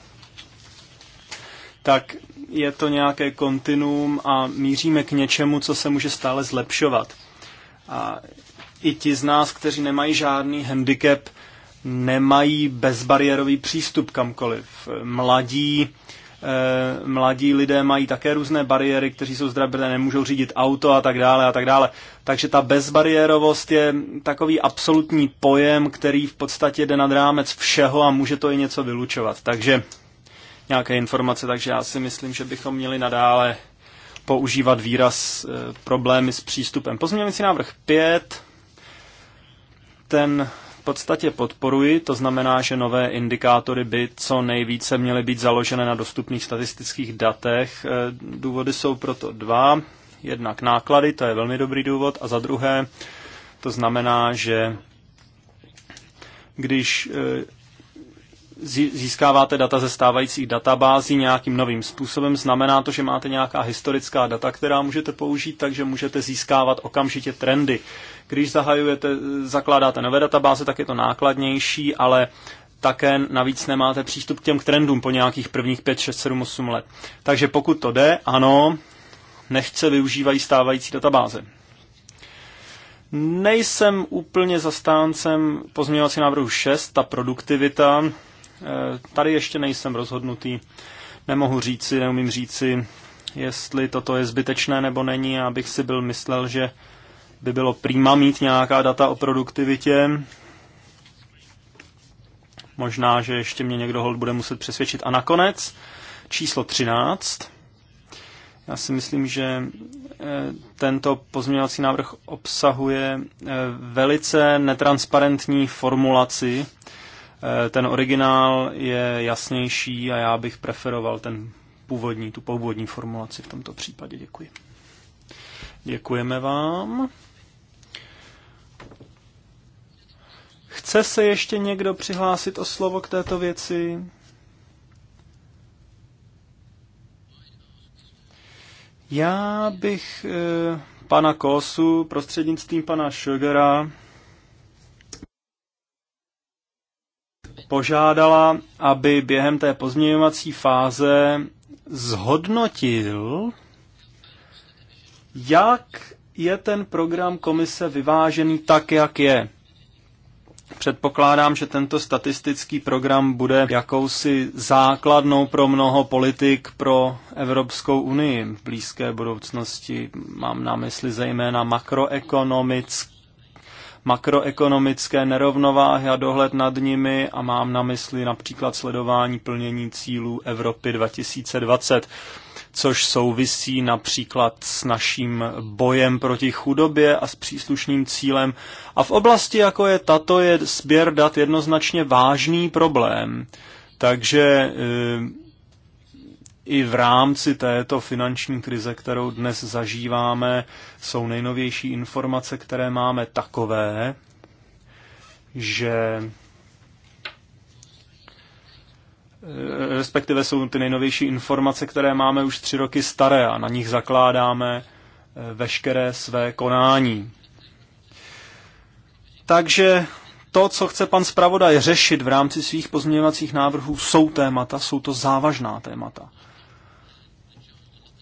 tak je to nějaké kontinuum a míříme k něčemu, co se může stále zlepšovat. A i ti z nás, kteří nemají žádný handicap, nemají bezbariérový přístup kamkoliv. Mladí Eh, mladí lidé mají také různé bariéry, kteří jsou zdravé, nemůžou řídit auto a tak dále a tak dále. Takže ta bezbariérovost je takový absolutní pojem, který v podstatě jde nad rámec všeho a může to i něco vylučovat. Takže nějaké informace, takže já si myslím, že bychom měli nadále používat výraz e, problémy s přístupem. Pozměňující návrh 5, ten podstatě podporuji, to znamená, že nové indikátory by co nejvíce měly být založené na dostupných statistických datech. E, důvody jsou proto dva. Jednak náklady, to je velmi dobrý důvod, a za druhé, to znamená, že když e, získáváte data ze stávajících databází nějakým novým způsobem. Znamená to, že máte nějaká historická data, která můžete použít, takže můžete získávat okamžitě trendy. Když zahajujete, zakládáte nové databáze, tak je to nákladnější, ale také navíc nemáte přístup k těm trendům po nějakých prvních 5, 6, 7, 8 let. Takže pokud to jde, ano, nechce využívají stávající databáze. Nejsem úplně zastáncem pozměňovací návrhu 6, ta produktivita. Eh, tady ještě nejsem rozhodnutý. Nemohu říci, neumím říci, jestli toto je zbytečné nebo není. Já bych si byl myslel, že by bylo prýma mít nějaká data o produktivitě. Možná, že ještě mě někdo hold bude muset přesvědčit. A nakonec číslo 13. Já si myslím, že eh, tento pozměňovací návrh obsahuje eh, velice netransparentní formulaci, Eh, ten originál je jasnější a já bych preferoval ten původní, tu původní formulaci v tomto případě. Děkuji. Děkujeme vám. Chce se ještě někdo přihlásit o slovo k této věci? Já bych e, pana Kosu prostřednictvím pana Sugara požádala, aby během té pozměňovací fáze zhodnotil, jak je ten program komise vyvážený tak, jak je. Předpokládám, že tento statistický program bude jakousi základnou pro mnoho politik pro Evropskou unii v blízké budoucnosti. Mám na mysli zejména makroekonomické makroekonomické nerovnováhy a dohled nad nimi a mám na mysli například sledování plnění cílů Evropy 2020, což souvisí například s naším bojem proti chudobě a s příslušným cílem. A v oblasti, jako je tato, je sběr dat jednoznačně vážný problém. Takže eh, i v rámci této finanční krize, kterou dnes zažíváme, jsou nejnovější informace, které máme takové, že eh, respektive jsou ty nejnovější informace, které máme už tři roky staré a na nich zakládáme eh, veškeré své konání. Takže to, co chce pan zpravodaj řešit v rámci svých pozměňovacích návrhů, jsou témata, jsou to závažná témata.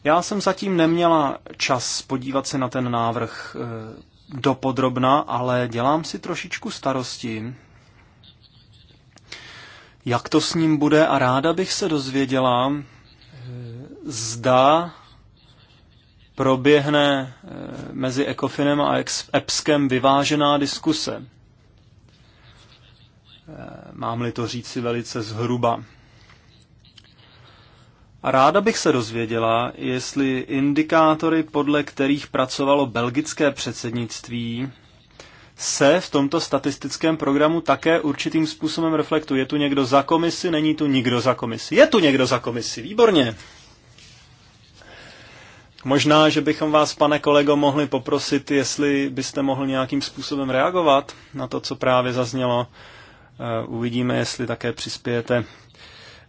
Já jsem zatím neměla čas podívat se na ten návrh eh, dopodrobna, ale dělám si trošičku starosti, jak to s ním bude a ráda bych se dozvěděla, eh, zda proběhne eh, mezi Ekofinem a EPSkem vyvážená diskuse. Mám-li to říci velice zhruba. Ráda bych se dozvěděla, jestli indikátory, podle kterých pracovalo belgické předsednictví, se v tomto statistickém programu také určitým způsobem reflektuje. Je tu někdo za komisi, není tu nikdo za komisi. Je tu někdo za komisi, výborně. Možná, že bychom vás, pane kolego, mohli poprosit, jestli byste mohl nějakým způsobem reagovat na to, co právě zaznělo. Eh, uvidíme, jestli také přispějete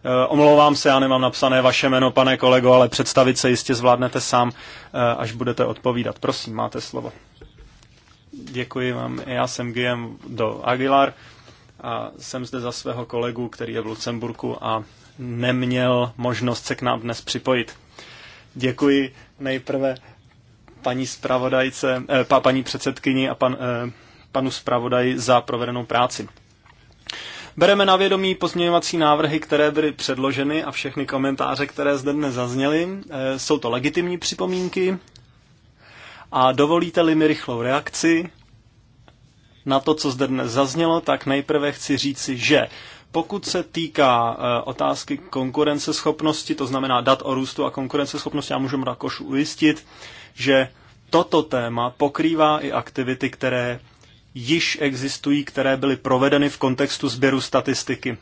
Eh, omlouvám se, já nemám napsané vaše jméno, pane kolego, ale představit se jistě zvládnete sám, eh, až budete odpovídat. Prosím, máte slovo. Děkuji vám. Já jsem GM do Aguilar a jsem zde za svého kolegu, který je v Lucemburku a neměl možnost se k nám dnes připojit. Děkuji nejprve paní zpravodajce, eh, paní předsedkyni a pan, eh, panu zpravodaji za provedenou práci. Bereme na vědomí pozměňovací návrhy, které byly předloženy a všechny komentáře, které zde dnes zazněly. Eh, jsou to legitimní připomínky a dovolíte-li mi rychlou reakci na to, co zde dnes zaznělo, tak nejprve chci říci, že pokud se týká eh, otázky konkurenceschopnosti, to znamená dat o růstu a konkurenceschopnosti, já můžu Mrakošu ujistit, že toto téma pokrývá i aktivity, které již existují, které byly provedeny v kontextu sběru statistiky.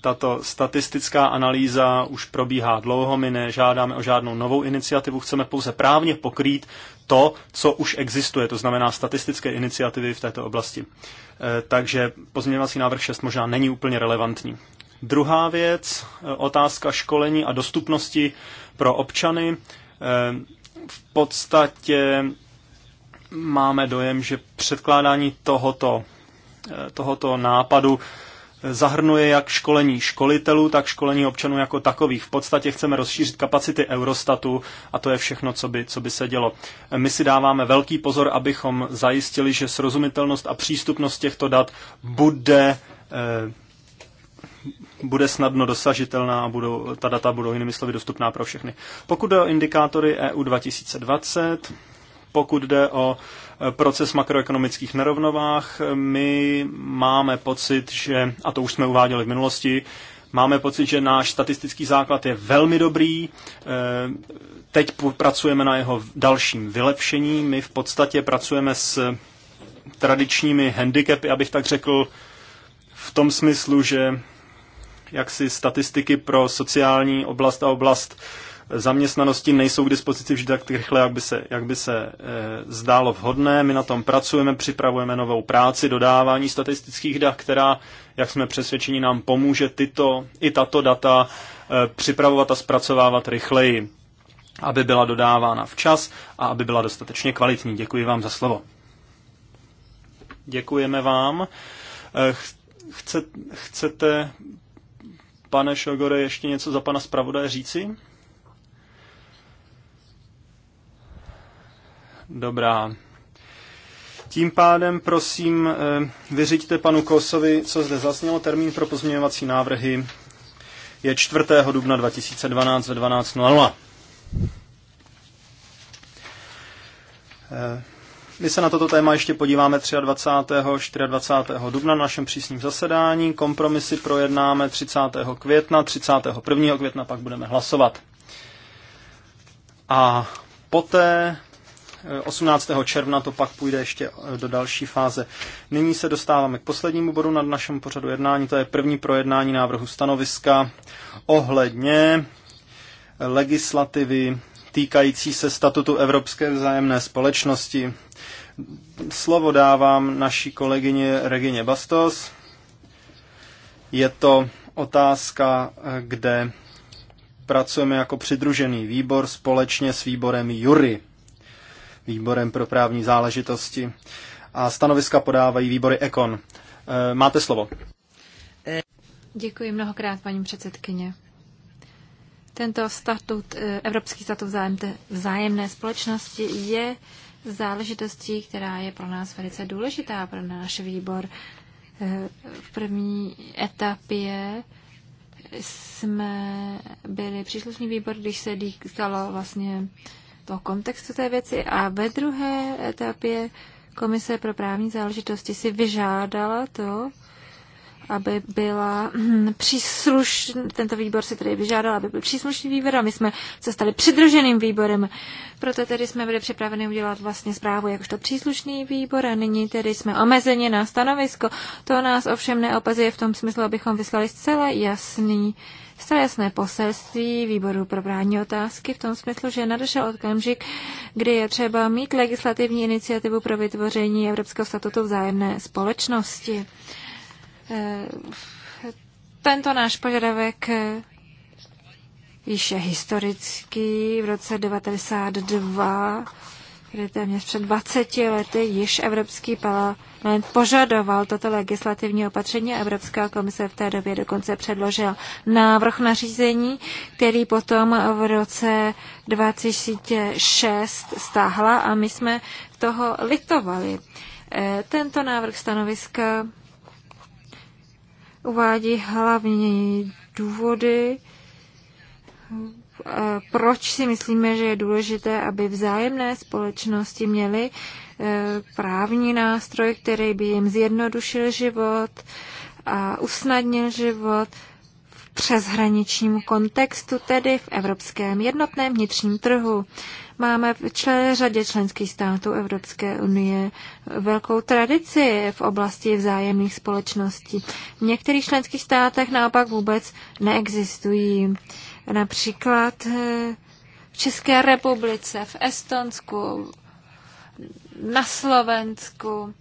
Tato statistická analýza už probíhá dlouho, my nežádáme o žádnou novou iniciativu, chceme pouze právně pokrýt to, co už existuje, to znamená statistické iniciativy v této oblasti. E, takže pozměňovací návrh 6 možná není úplně relevantní. Druhá věc, e, otázka školení a dostupnosti pro občany. E, v podstatě máme dojem, že předkládání tohoto, eh, tohoto nápadu zahrnuje jak školení školitelů, tak školení občanů jako takových. V podstatě chceme rozšířit kapacity Eurostatu a to je všechno, co by, co by se dělo. Eh, my si dáváme velký pozor, abychom zajistili, že srozumitelnost a přístupnost těchto dat bude, eh, bude snadno dosažitelná a budou, ta data budou jinými slovy dostupná pro všechny. Pokud jde o indikátory EU 2020, pokud jde o eh, proces makroekonomických nerovnovách, my máme pocit, že, a to už jsme uváděli v minulosti, máme pocit, že náš statistický základ je velmi dobrý. Eh, teď pracujeme na jeho dalším vylepšení. My v podstatě pracujeme s tradičními handicapy, abych tak řekl, v tom smyslu, že jak si statistiky pro sociální oblast a oblast zaměstnanosti nejsou k dispozici vždy tak rychle, jak by se, jak by se e, zdálo vhodné. My na tom pracujeme, připravujeme novou práci, dodávání statistických dat, která, jak jsme přesvědčeni, nám pomůže tyto, i tato data e, připravovat a zpracovávat rychleji, aby byla dodávána včas a aby byla dostatečně kvalitní. Děkuji vám za slovo. Děkujeme vám. Eh, chce, chcete, pane Šogore, ještě něco za pana zpravodaje říci? Dobrá. Tím pádem prosím eh, vyřiďte panu Kosovi, co zde zasnělo. Termín pro pozměňovací návrhy je 4. dubna 2012 ve 12.00. Eh, my se na toto téma ještě podíváme 23. 24. dubna na našem přísním zasedání. Kompromisy projednáme 30. května, 31. května pak budeme hlasovat. A poté 18. června to pak půjde ještě eh, do další fáze. Nyní se dostáváme k poslednímu bodu na našem pořadu jednání, to je první projednání návrhu stanoviska ohledně legislativy týkající se statutu Evropské vzájemné společnosti. Slovo dávám naší kolegyně Regině Bastos. Je to otázka, eh, kde pracujeme jako přidružený výbor společně s výborem Jury výborem pro právní záležitosti a stanoviska podávají výbory Ekon. E, máte slovo. Děkuji mnohokrát, paní předsedkyně. Tento statut, e, Evropský statut vzájemné společnosti je záležitostí, která je pro nás velice důležitá, pro náš výbor. E, v první etapě jsme byli příslušný výbor, když se týkalo vlastně toho kontextu té věci. A ve druhé etapě Komise pro právní záležitosti si vyžádala to, aby byla mm, příslušný, tento výbor si tedy vyžádal, aby byl příslušný výbor a my jsme se stali přidruženým výborem. Proto tedy jsme byli připraveni udělat vlastně zprávu jakožto příslušný výbor a nyní tedy jsme omezeni na stanovisko. To nás ovšem neopazuje v tom smyslu, abychom vyslali zcela jasný Stále jasné poselství výboru pro právní otázky v tom smyslu, že nadešel okamžik, kdy je třeba mít legislativní iniciativu pro vytvoření Evropského statutu vzájemné společnosti. Eh, tento náš požadavek eh, již je historický. V roce 1992 kdy téměř před 20 lety, již Evropský parlament požadoval toto legislativní opatření. Evropská komise v té době dokonce předložila návrh nařízení, který potom v roce 2006 stáhla a my jsme toho litovali. Eh, tento návrh stanoviska uvádí hlavní důvody, proč si myslíme, že je důležité, aby vzájemné společnosti měly e, právní nástroj, který by jim zjednodušil život a usnadnil život v přeshraničním kontextu, tedy v evropském jednotném vnitřním trhu. Máme v člen, řadě členských států Evropské unie velkou tradici v oblasti vzájemných společností. V některých členských státech naopak vůbec neexistují. Uh, Například eh, v České republice, v Estonsku, na Slovensku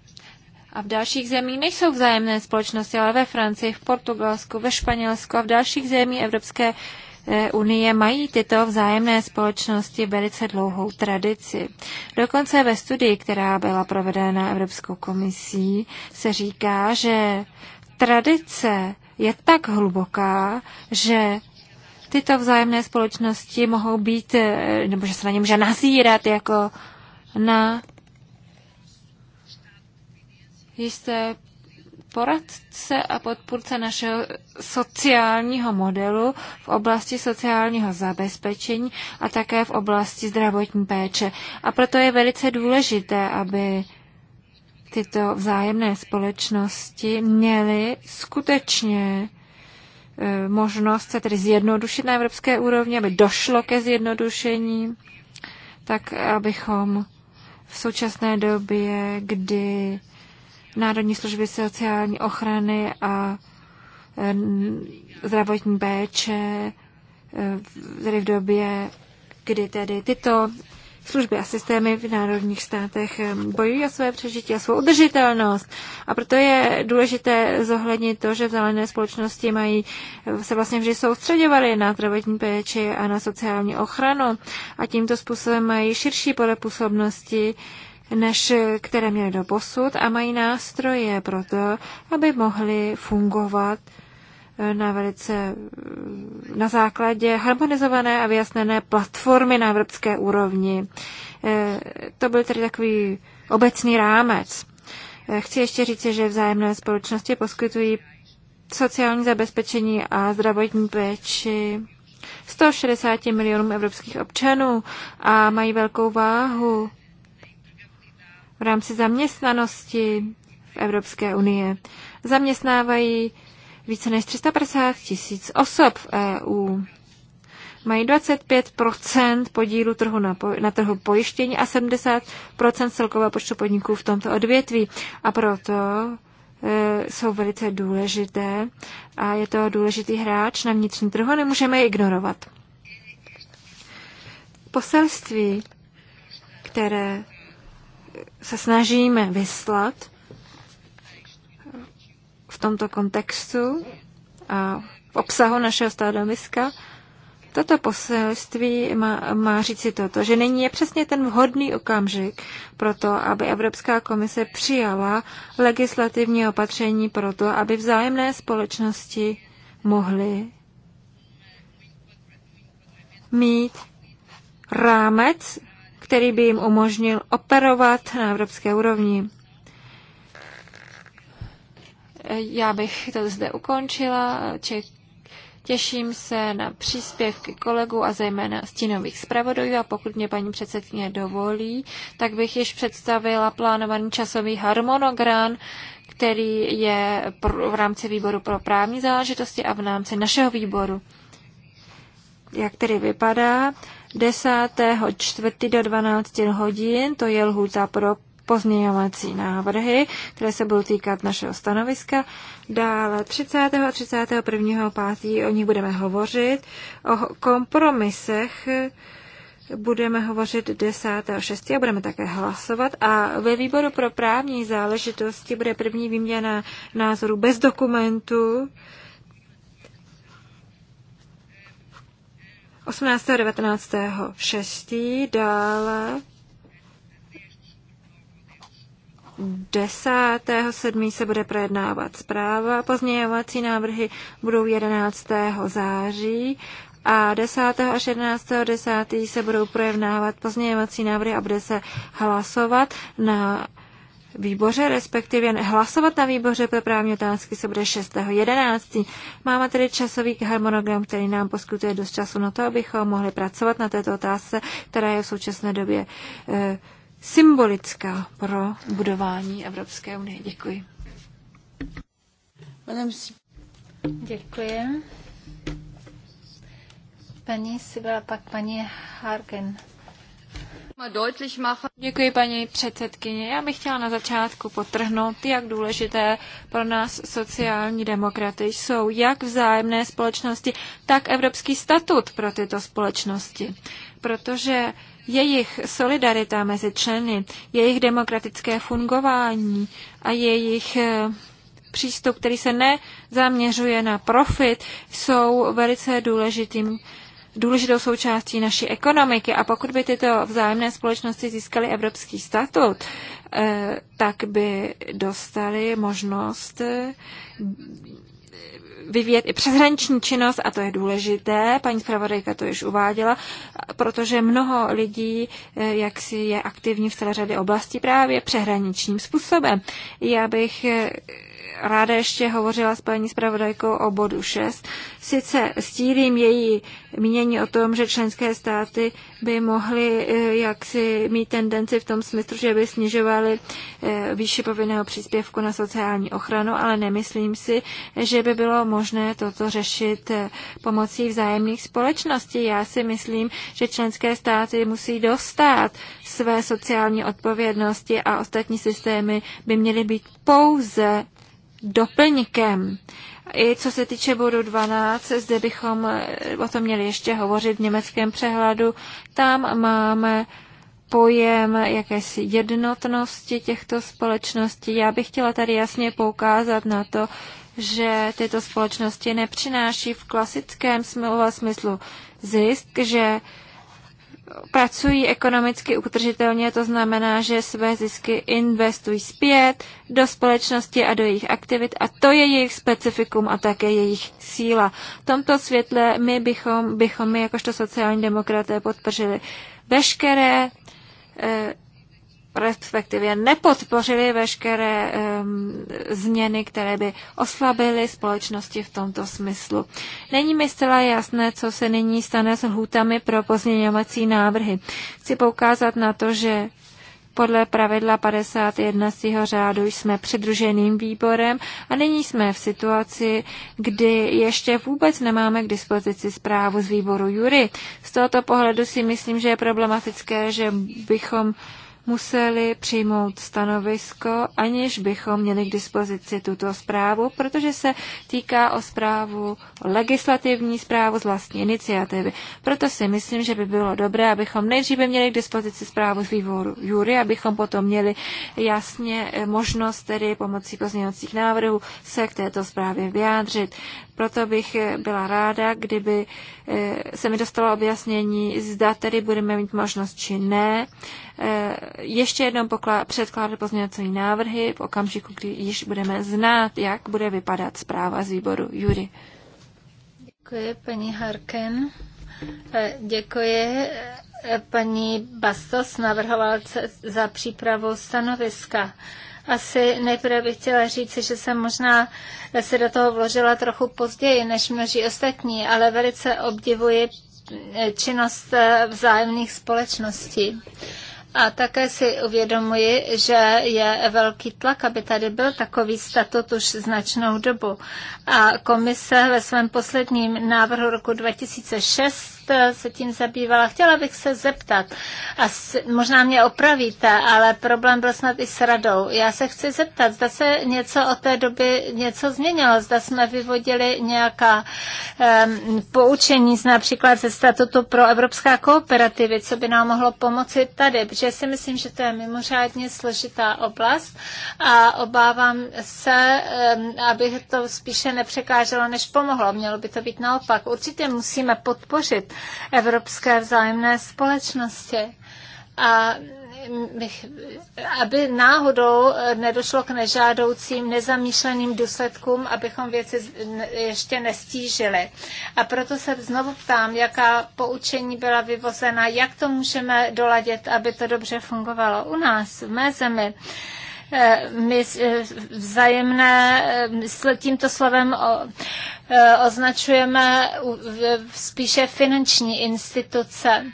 a v dalších zemích nejsou vzájemné společnosti, ale ve Francii, v Portugalsku, ve Španělsku a v dalších zemích Evropské eh, unie mají tyto vzájemné společnosti velice dlouhou tradici. Dokonce ve studii, která byla provedena Evropskou komisí, se říká, že tradice je tak hluboká, že tyto vzájemné společnosti mohou být, eh, nebo že se na ně může nazírat jako na jisté poradce a podpůrce našeho sociálního modelu v oblasti sociálního zabezpečení a také v oblasti zdravotní péče. A proto je velice důležité, aby tyto vzájemné společnosti měly skutečně E, možnost se tedy zjednodušit na evropské úrovni, aby došlo ke zjednodušení, tak abychom v současné době, kdy Národní služby sociální ochrany a e, zdravotní péče, e, tedy v době, kdy tedy tyto služby a systémy v národních státech bojují o své přežití a svou udržitelnost. A proto je důležité zohlednit to, že zelené společnosti mají, se vlastně vždy soustředovaly na zdravotní péči a na sociální ochranu a tímto způsobem mají širší pole působnosti než které měly do posud a mají nástroje pro to, aby mohly fungovat na velice na základě harmonizované a vyjasněné platformy na evropské úrovni. Eh, to byl tedy takový obecný rámec. Eh, chci ještě říct, že vzájemné společnosti poskytují sociální zabezpečení a zdravotní péči 160 milionům evropských občanů a mají velkou váhu v rámci zaměstnanosti v Evropské unie. Zaměstnávají více než 350 tisíc osob v EU. Mají 25 podílu trhu na, po, na trhu pojištění a 70 celkového počtu podniků v tomto odvětví. A proto e, jsou velice důležité a je to důležitý hráč na vnitřní trhu, nemůžeme je ignorovat. Poselství, které se snažíme vyslat, tomto kontextu a v obsahu našeho stádomiska, toto poselství má, má říci toto, že není je přesně ten vhodný okamžik pro to, aby Evropská komise přijala legislativní opatření pro to, aby vzájemné společnosti mohly mít rámec, který by jim umožnil operovat na evropské úrovni. Já bych to zde ukončila. Těším se na příspěvky kolegů a zejména stínových zpravodajů a pokud mě paní předsedkyně dovolí, tak bych již představila plánovaný časový harmonogram, který je v rámci výboru pro právní záležitosti a v rámci našeho výboru. Jak tedy vypadá? 10. čtvrtý do 12 hodin, to je lhůta pro pozměňovací návrhy, které se budou týkat našeho stanoviska. Dále 30. a 31. pátí o nich budeme hovořit. O kompromisech budeme hovořit 10. a 6. a budeme také hlasovat. A ve výboru pro právní záležitosti bude první výměna názoru bez dokumentu. 18. a 19. 6. dále 10. 7. se bude projednávat zpráva, pozměňovací návrhy budou 11. září a 10. až 11. 10. se budou projednávat pozměňovací návrhy a bude se hlasovat na výboře, respektive hlasovat na výboře pro právní otázky se bude 6.11. Máme tedy časový harmonogram, který nám poskytuje dost času na to, abychom mohli pracovat na této otázce, která je v současné době eh, symbolická pro budování Evropské unie. Děkuji. Děkuji. Paní byla pak paní Hargen. Děkuji, paní předsedkyně. Já bych chtěla na začátku potrhnout, jak důležité pro nás sociální demokraty jsou jak vzájemné společnosti, tak evropský statut pro tyto společnosti. Protože jejich solidarita mezi členy, jejich demokratické fungování a jejich eh, přístup, který se nezaměřuje na profit, jsou velice důležitým důležitou součástí naší ekonomiky a pokud by tyto vzájemné společnosti získaly evropský statut, eh, tak by dostali možnost eh, vyvíjet i přeshraniční činnost a to je důležité, paní zpravodajka to již uváděla, protože mnoho lidí eh, jak si je aktivní v celé řady oblastí právě přehraničním způsobem. Já bych eh, ráda ještě hovořila s paní zpravodajkou o bodu 6. Sice stílím její mínění o tom, že členské státy by mohly eh, jaksi mít tendenci v tom smyslu, že by snižovaly eh, výši povinného příspěvku na sociální ochranu, ale nemyslím si, že by bylo možné toto řešit eh, pomocí vzájemných společností. Já si myslím, že členské státy musí dostat své sociální odpovědnosti a ostatní systémy by měly být pouze doplňkem. I co se týče bodu 12, zde bychom o tom měli ještě hovořit v německém přehledu. Tam máme pojem jakési jednotnosti těchto společností. Já bych chtěla tady jasně poukázat na to, že tyto společnosti nepřináší v klasickém smyslu zisk, že pracují ekonomicky utržitelně, to znamená, že své zisky investují zpět do společnosti a do jejich aktivit a to je jejich specifikum a také jejich síla. V tomto světle my bychom, bychom my jakožto sociální demokraté podpořili veškeré eh, respektive nepodpořili veškeré um, změny, které by oslabily společnosti v tomto smyslu. Není mi zcela jasné, co se nyní stane s hůtami pro pozměňovací návrhy. Chci poukázat na to, že podle pravidla 51. řádu jsme přidruženým výborem a nyní jsme v situaci, kdy ještě vůbec nemáme k dispozici zprávu z výboru Jury. Z tohoto pohledu si myslím, že je problematické, že bychom museli přijmout stanovisko, aniž bychom měli k dispozici tuto zprávu, protože se týká o zprávu, o legislativní zprávu z vlastní iniciativy. Proto si myslím, že by bylo dobré, abychom nejdříve měli k dispozici zprávu z výboru jury, abychom potom měli jasně eh, možnost tedy pomocí pozměňovacích návrhů se k této zprávě vyjádřit. Proto bych eh, byla ráda, kdyby eh, se mi dostalo objasnění, zda tedy budeme mít možnost či ne. Eh, ještě jednou předkládat pozměňovací návrhy v okamžiku, kdy již budeme znát, jak bude vypadat zpráva z výboru Jury. Děkuji, paní Harken. Děkuji. Paní Bastos navrhovalce za přípravu stanoviska. Asi nejprve bych chtěla říct, že jsem možná se do toho vložila trochu později než množí ostatní, ale velice obdivuji činnost eh, vzájemných společností. A také si uvědomuji, že je velký tlak, aby tady byl takový statut už značnou dobu. A komise ve svém posledním návrhu roku 2006 Eh, se tím zabývala. Chtěla bych se zeptat, a možná mě opravíte, ale problém byl snad i s radou. Já se chci zeptat, zda se něco od té doby něco změnilo, zda jsme vyvodili nějaká um, poučení z například ze statutu pro evropská kooperativy, co by nám mohlo pomoci tady, protože si myslím, že to je mimořádně složitá oblast a obávám se, um, ehm, aby to spíše nepřekáželo, než pomohlo. Mělo by to být naopak. Určitě musíme podpořit Evropské vzájemné společnosti. A bych, aby náhodou nedošlo k nežádoucím, nezamýšleným důsledkům, abychom věci ještě nestížili. A proto se znovu ptám, jaká poučení byla vyvozena, jak to můžeme doladit, aby to dobře fungovalo u nás, v mé zemi. Uh, Eh, my eh, vzájemné, eh, s tímto slovem o, označujeme spíše finanční instituce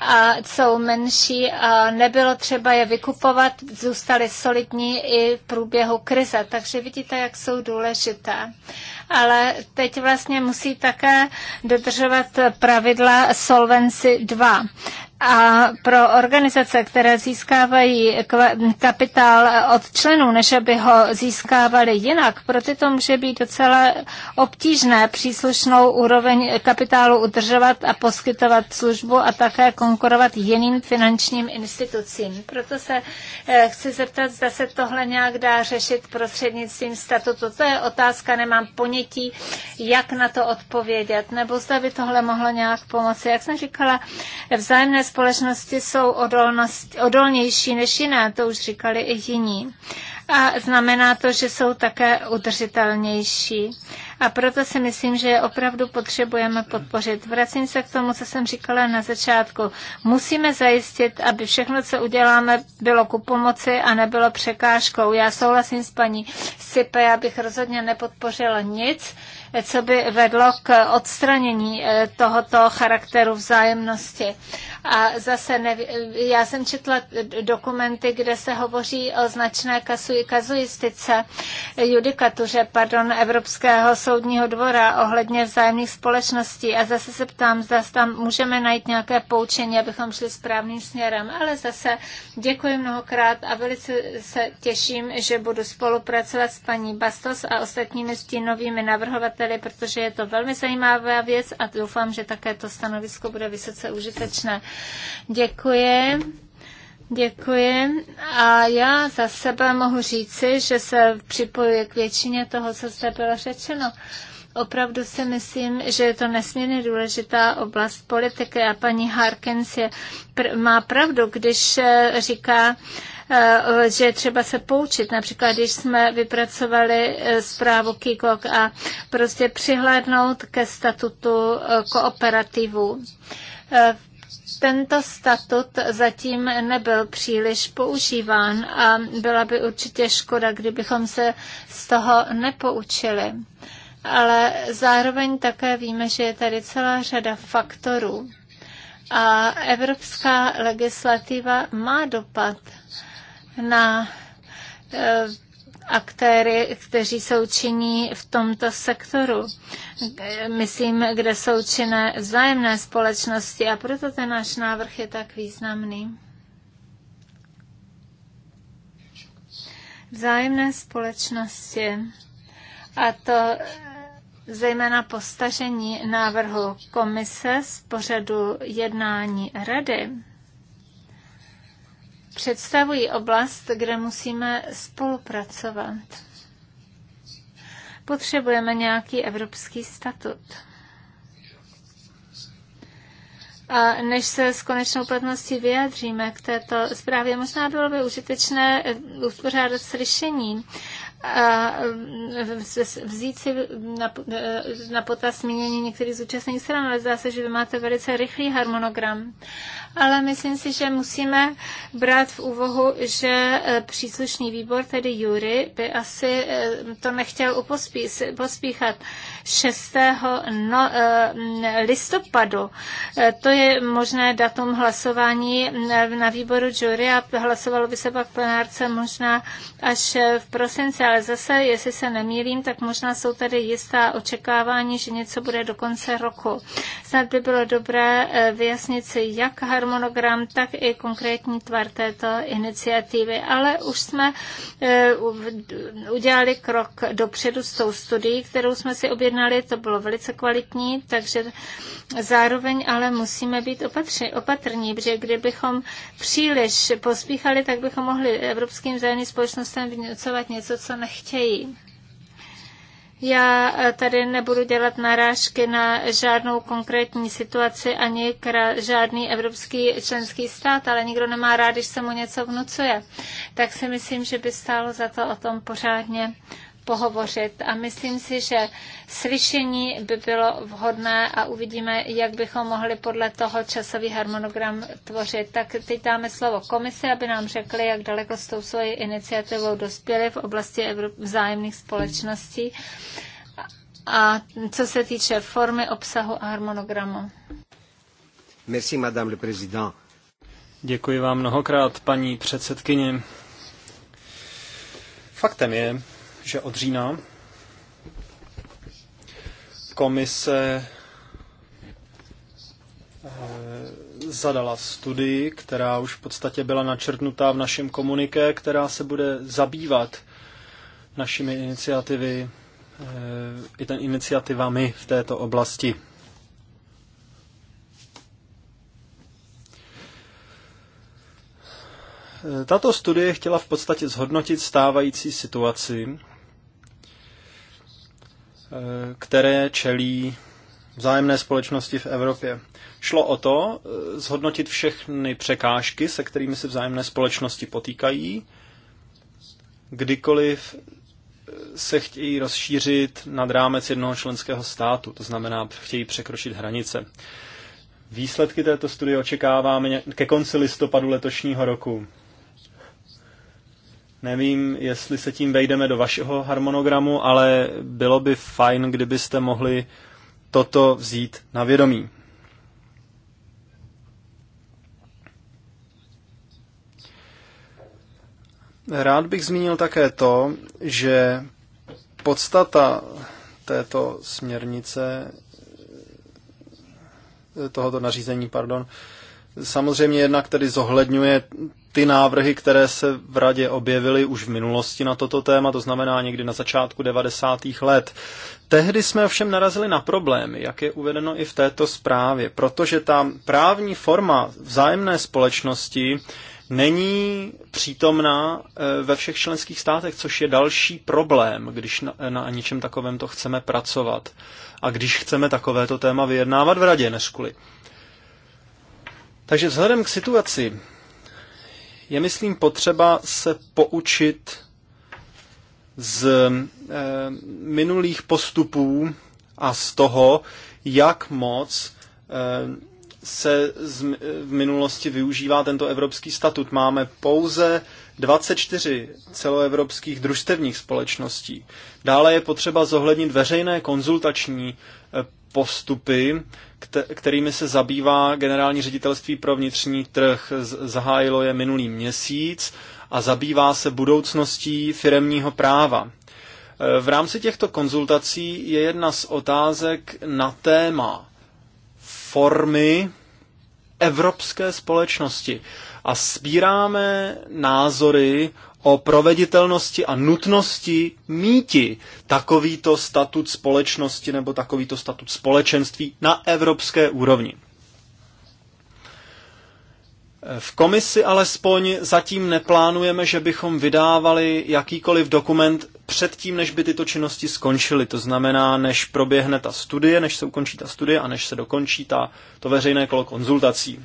a jsou menší a nebylo třeba je vykupovat, zůstaly solidní i v průběhu krize, takže vidíte, jak jsou důležité. Ale teď vlastně musí také dodržovat pravidla Solvency 2 a pro organizace, které získávají kapitál od členů, než aby ho získávali jinak, pro ty to může být docela obtížné příslušnou úroveň kapitálu udržovat a poskytovat službu a také konkurovat jiným finančním institucím. Proto se eh, chci zeptat, zda se tohle nějak dá řešit prostřednictvím statutu. To je otázka, nemám ponětí, jak na to odpovědět, nebo zda by tohle mohlo nějak pomoci. Jak jsem říkala, vzájemné společnosti jsou odolnost, odolnější než jiné, to už říkali i jiní. A znamená to, že jsou také udržitelnější. A proto si myslím, že opravdu potřebujeme podpořit. Vracím se k tomu, co jsem říkala na začátku. Musíme zajistit, aby všechno, co uděláme, bylo ku pomoci a nebylo překážkou. Já souhlasím s paní Sipe, já bych rozhodně nepodpořila nic, co by vedlo k odstranění eh, tohoto charakteru vzájemnosti. A zase ne, já jsem četla dokumenty, kde se hovoří o značné kazuistice, eh, judikatuře, pardon, Evropského soudního dvora ohledně vzájemných společností a zase se ptám, zda tam můžeme najít nějaké poučení, abychom šli správným směrem. Ale zase děkuji mnohokrát a velice se těším, že budu spolupracovat s paní Bastos a ostatními stínovými navrhovateli, protože je to velmi zajímavá věc a doufám, že také to stanovisko bude vysoce užitečné. Děkuji. Děkuji. A já za sebe mohu říci, že se připojuji k většině toho, co zde bylo řečeno. Opravdu si myslím, že je to nesmírně důležitá oblast politiky a paní Harkins je, pr- má pravdu, když eh, říká, eh, že je třeba se poučit. Například, když jsme vypracovali eh, zprávu KIKOK a prostě přihlédnout ke statutu kooperativu tento statut zatím nebyl příliš používán a byla by určitě škoda, kdybychom se z toho nepoučili. Ale zároveň také víme, že je tady celá řada faktorů. A evropská legislativa má dopad na eh, aktéry, kteří jsou činní v tomto sektoru. Myslím, kde jsou činné vzájemné společnosti a proto ten náš návrh je tak významný. Vzájemné společnosti a to zejména postažení návrhu komise z pořadu jednání rady představují oblast, kde musíme spolupracovat. Potřebujeme nějaký evropský statut. A než se s konečnou platností vyjádříme k této zprávě, možná bylo by užitečné uspořádat slyšení a e, vzít si na, e, na potaz zmínění některých zúčastněných stran, ale zdá se, že vy máte velice rychlý harmonogram. Ale myslím si, že musíme brát v úvahu, že e, příslušný výbor, tedy Jury, by asi to nechtěl upospíchat. 6. No, eh, listopadu. Eh, to je možné datum hlasování eh, na výboru jury a hlasovalo by se pak plenárce možná až v prosinci, ale zase, jestli se nemýlím, tak možná jsou tady jistá očekávání, že něco bude do konce roku. Snad by bylo dobré vyjasnit si jak harmonogram, tak i konkrétní tvar této iniciativy. Ale už jsme udělali krok dopředu s tou studií, kterou jsme si objednali jednali, to bylo velice kvalitní, takže zároveň ale musíme být opatři, opatrní, protože kdybychom příliš pospíchali, tak bychom mohli evropským zájemným společnostem vnucovat něco, co nechtějí. Já tady nebudu dělat narážky na žádnou konkrétní situaci ani žádný evropský členský stát, ale nikdo nemá rád, když se mu něco vnucuje. Tak si myslím, že by stálo za to o tom pořádně pohovořit a myslím si, že slyšení by bylo vhodné a uvidíme, jak bychom mohli podle toho časový harmonogram tvořit. Tak teď dáme slovo komisi, aby nám řekli, jak daleko s tou svojí iniciativou dospěli v oblasti vzájemných společností a co se týče formy, obsahu a harmonogramu. Merci, madame le président. Děkuji vám mnohokrát, paní předsedkyně. Faktem je, že od října komise eh, zadala studii, která už v podstatě byla načrtnutá v našem komuniké, která se bude zabývat našimi iniciativy, eh, i ten iniciativami v této oblasti. Eh, tato studie chtěla v podstatě zhodnotit stávající situaci Eh, které čelí vzájemné společnosti v Evropě. Šlo o to eh, zhodnotit všechny překážky, se kterými se vzájemné společnosti potýkají, kdykoliv eh, se chtějí rozšířit nad rámec jednoho členského státu, to znamená, chtějí překročit hranice. Výsledky této studie očekáváme ke konci listopadu letošního roku. Nevím, jestli se tím vejdeme do vašeho harmonogramu, ale bylo by fajn, kdybyste mohli toto vzít na vědomí. Rád bych zmínil také to, že podstata této směrnice, tohoto nařízení, pardon, samozřejmě jednak tedy zohledňuje ty návrhy, které se v radě objevily už v minulosti na toto téma, to znamená někdy na začátku 90. let. Tehdy jsme ovšem narazili na problémy, jak je uvedeno i v této zprávě, protože ta právní forma vzájemné společnosti není přítomná e, ve všech členských státech, což je další problém, když na, na něčem takovém to chceme pracovat a když chceme takovéto téma vyjednávat v radě, než kvůli. Takže vzhledem k situaci je, myslím, potřeba se poučit z e, minulých postupů a z toho, jak moc e, se z, v minulosti využívá tento evropský statut. Máme pouze 24 celoevropských družstevních společností. Dále je potřeba zohlednit veřejné konzultační eh, postupy, kterými se zabývá generální ředitelství pro vnitřní trh. Zahájilo je minulý měsíc a zabývá se budoucností firemního práva. E, v rámci těchto konzultací je jedna z otázek na téma formy evropské společnosti a sbíráme názory o proveditelnosti a nutnosti míti takovýto statut společnosti nebo takovýto statut společenství na evropské úrovni. V komisi alespoň zatím neplánujeme, že bychom vydávali jakýkoliv dokument předtím, než by tyto činnosti skončily. To znamená, než proběhne ta studie, než se ukončí ta studie a než se dokončí ta, to veřejné kolo konzultací.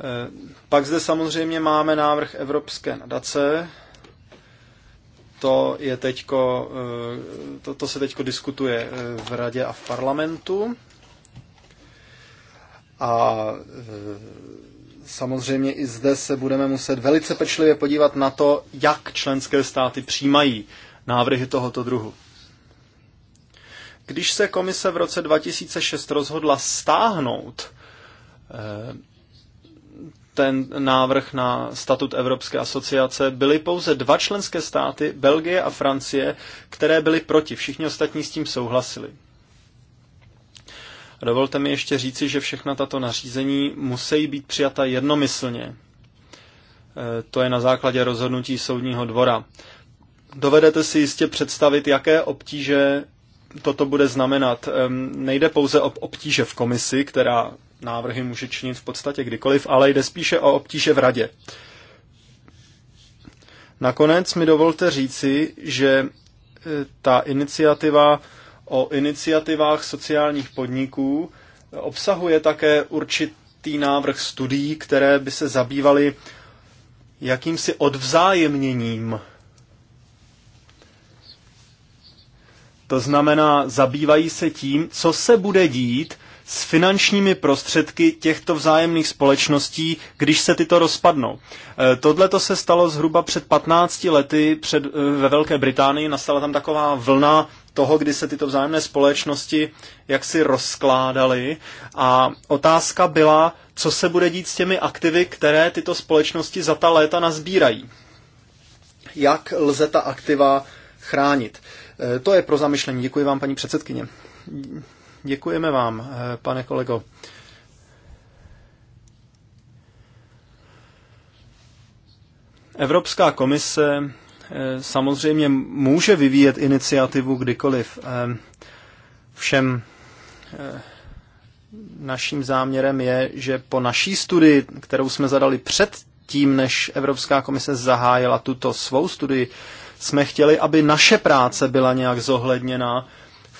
Eh, pak zde samozřejmě máme návrh Evropské nadace. To, je teďko, eh, to, to se teď diskutuje eh, v radě a v parlamentu. A samozřejmě i zde se budeme muset velice pečlivě podívat na to, jak členské státy přijímají návrhy tohoto druhu. Když se komise v roce 2006 rozhodla stáhnout ten návrh na statut Evropské asociace, byly pouze dva členské státy, Belgie a Francie, které byly proti. Všichni ostatní s tím souhlasili. A dovolte mi ještě říci, že všechna tato nařízení musí být přijata jednomyslně. E, to je na základě rozhodnutí soudního dvora. Dovedete si jistě představit, jaké obtíže toto bude znamenat. Nejde pouze o obtíže v komisi, která návrhy může činit v podstatě kdykoliv, ale jde spíše o obtíže v radě. Nakonec mi dovolte říci, že e, ta iniciativa o iniciativách sociálních podniků e, obsahuje také určitý návrh studií, které by se zabývaly jakýmsi odvzájemněním. To znamená, zabývají se tím, co se bude dít, s finančními prostředky těchto vzájemných společností, když se tyto rozpadnou. E, Tohle to se stalo zhruba před 15 lety před, e, ve Velké Británii, nastala tam taková vlna toho, kdy se tyto vzájemné společnosti jaksi rozkládaly. A otázka byla, co se bude dít s těmi aktivy, které tyto společnosti za ta léta nazbírají. Jak lze ta aktiva chránit? E, to je pro zamyšlení. Děkuji vám, paní předsedkyně. Děkujeme vám, eh, pane kolego. Evropská komise eh, samozřejmě může vyvíjet iniciativu kdykoliv. Eh, všem naším záměrem je, že po naší studii, kterou jsme zadali před tím, než Evropská komise zahájila tuto svou studii, jsme chtěli, aby naše práce byla nějak zohledněna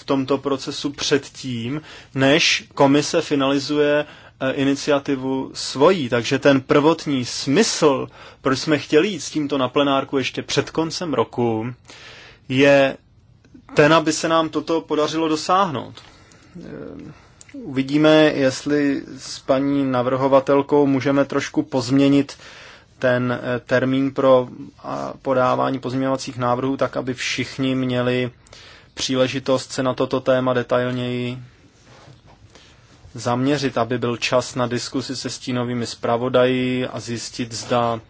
tomto procesu předtím, než komise finalizuje eh, iniciativu svojí. Takže ten prvotní smysl, proč jsme chtěli jít s tímto na plenárku ještě před koncem roku, je ten, aby se nám toto podařilo dosáhnout. Eh, uvidíme, jestli s paní navrhovatelkou můžeme trošku pozměnit ten eh, termín pro podávání pozměňovacích návrhů tak, aby všichni měli příležitost se na toto téma detailněji zaměřit, aby byl čas na diskusi se stínovými zpravodají a zjistit, zda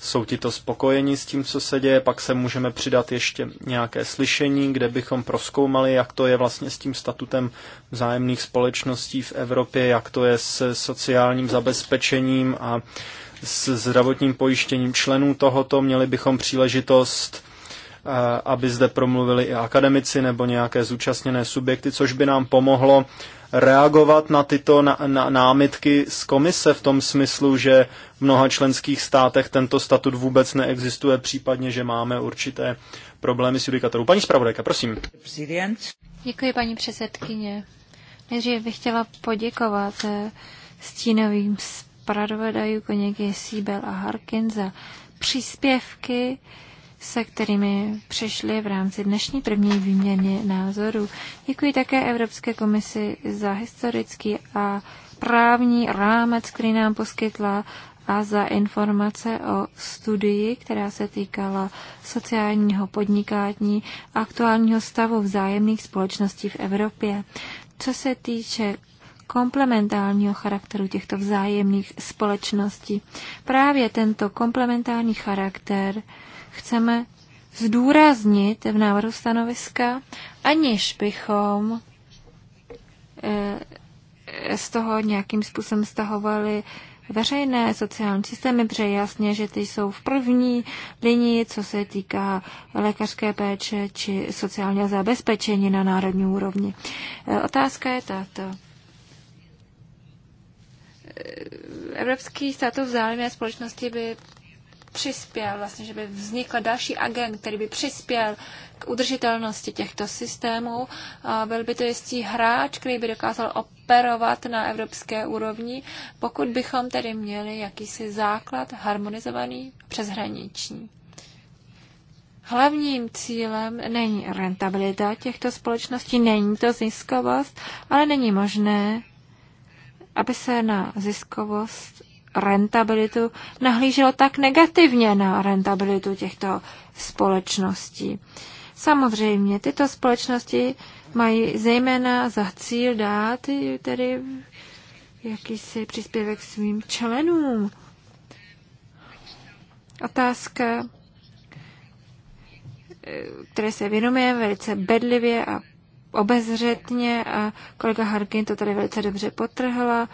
jsou ti to spokojeni s tím, co se děje. Pak se můžeme přidat ještě nějaké slyšení, kde bychom proskoumali, jak to je vlastně s tím statutem vzájemných společností v Evropě, jak to je s sociálním zabezpečením a s zdravotním pojištěním členů tohoto. Měli bychom příležitost Eh, aby zde promluvili i akademici nebo nějaké zúčastněné subjekty, což by nám pomohlo reagovat na tyto na, na, námitky z komise v tom smyslu, že v mnoha členských státech tento statut vůbec neexistuje, případně, že máme určité problémy s judikatorou. Paní zpravodajka, prosím. Děkuji, paní předsedkyně. Nejdřív bych chtěla poděkovat eh, stínovým zpravodajů Koněky Sibel a Harkin za příspěvky, se kterými přišli v rámci dnešní první výměny názorů. Děkuji také Evropské komisi za historický a právní rámec, který nám poskytla a za informace o studii, která se týkala sociálního podnikání a aktuálního stavu vzájemných společností v Evropě. Co se týče komplementárního charakteru těchto vzájemných společností, právě tento komplementární charakter chceme zdůraznit v návrhu stanoviska, aniž bychom eh, z toho nějakým způsobem stahovali veřejné sociální systémy, protože jasně, že ty jsou v první linii, co se týká lékařské péče či sociálního zabezpečení na národní úrovni. Eh, otázka je tato. Eh, Evropský státu vzájemné společnosti by přispěl, vlastně, že by vznikl další agent, který by přispěl k udržitelnosti těchto systémů. byl by to jistý hráč, který by dokázal operovat na evropské úrovni, pokud bychom tedy měli jakýsi základ harmonizovaný přeshraniční. Hlavním cílem není rentabilita těchto společností, není to ziskovost, ale není možné, aby se na ziskovost rentabilitu, nahlíželo tak negativně na rentabilitu těchto společností. Samozřejmě, tyto společnosti mají zejména za cíl dát tedy jakýsi příspěvek svým členům. Otázka, které se věnujeme velice bedlivě a obezřetně a kolega Harkin to tady velice dobře potrhla,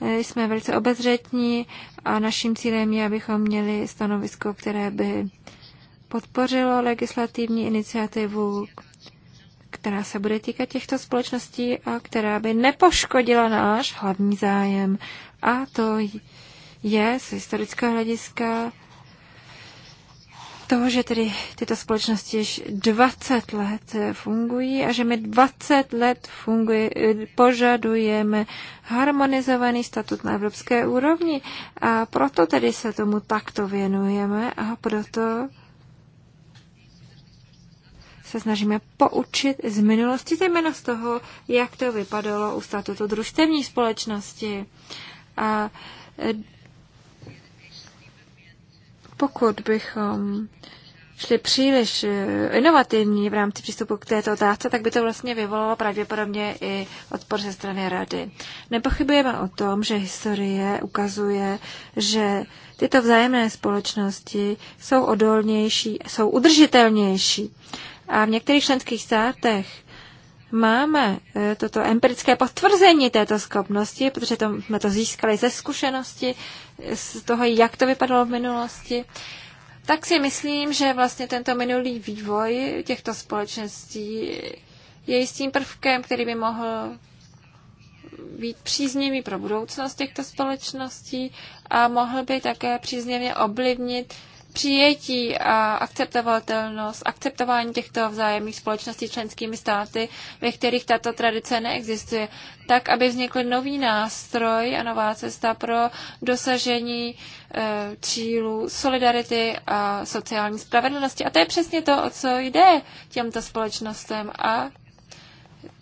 jsme velice obezřetní a naším cílem je, abychom měli stanovisko, které by podpořilo legislativní iniciativu, která se bude týkat těchto společností a která by nepoškodila náš hlavní zájem. A to je z historického hlediska toho, že tedy tyto společnosti již 20 let eh, fungují a že my 20 let funguje, eh, požadujeme harmonizovaný statut na evropské úrovni a proto tedy se tomu takto věnujeme a proto se snažíme poučit z minulosti, zejména z toho, jak to vypadalo u statutu družstevní společnosti. A eh, pokud bychom šli příliš eh, inovativní v rámci přístupu k této otázce, tak by to vlastně vyvolalo pravděpodobně i odpor ze strany rady. Nepochybujeme o tom, že historie ukazuje, že tyto vzájemné společnosti jsou odolnější, jsou udržitelnější. A v některých členských státech máme e, toto empirické potvrzení této schopnosti, protože to, jsme to získali ze zkušenosti, z toho, jak to vypadalo v minulosti, tak si myslím, že vlastně tento minulý vývoj těchto společností je jistým prvkem, který by mohl být příznivý pro budoucnost těchto společností a mohl by také příznivě oblivnit přijetí a akceptovatelnost, akceptování těchto vzájemných společností členskými státy, ve kterých tato tradice neexistuje, tak, aby vznikl nový nástroj a nová cesta pro dosažení e, cílů solidarity a sociální spravedlnosti. A to je přesně to, o co jde těmto společnostem a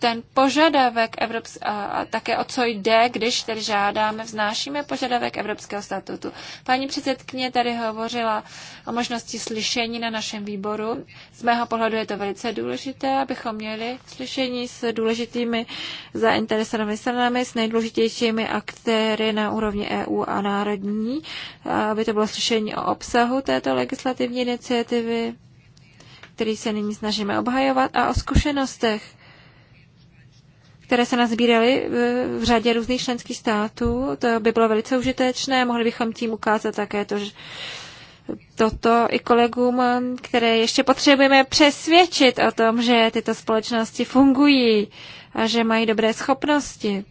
ten požadavek Evrops- a, a také o co jde, když tedy žádáme, vznášíme požadavek Evropského statutu. Paní předsedkyně tady hovořila o možnosti slyšení na našem výboru. Z mého pohledu je to velice důležité, abychom měli slyšení s důležitými zainteresovanými stranami, s nejdůležitějšími aktéry na úrovni EU a národní, aby to bylo slyšení o obsahu této legislativní iniciativy který se nyní snažíme obhajovat, a o zkušenostech které se nazbíraly v řadě různých členských států. To by bylo velice užitečné, mohli bychom tím ukázat také to, že toto i kolegům, které ještě potřebujeme přesvědčit o tom, že tyto společnosti fungují a že mají dobré schopnosti.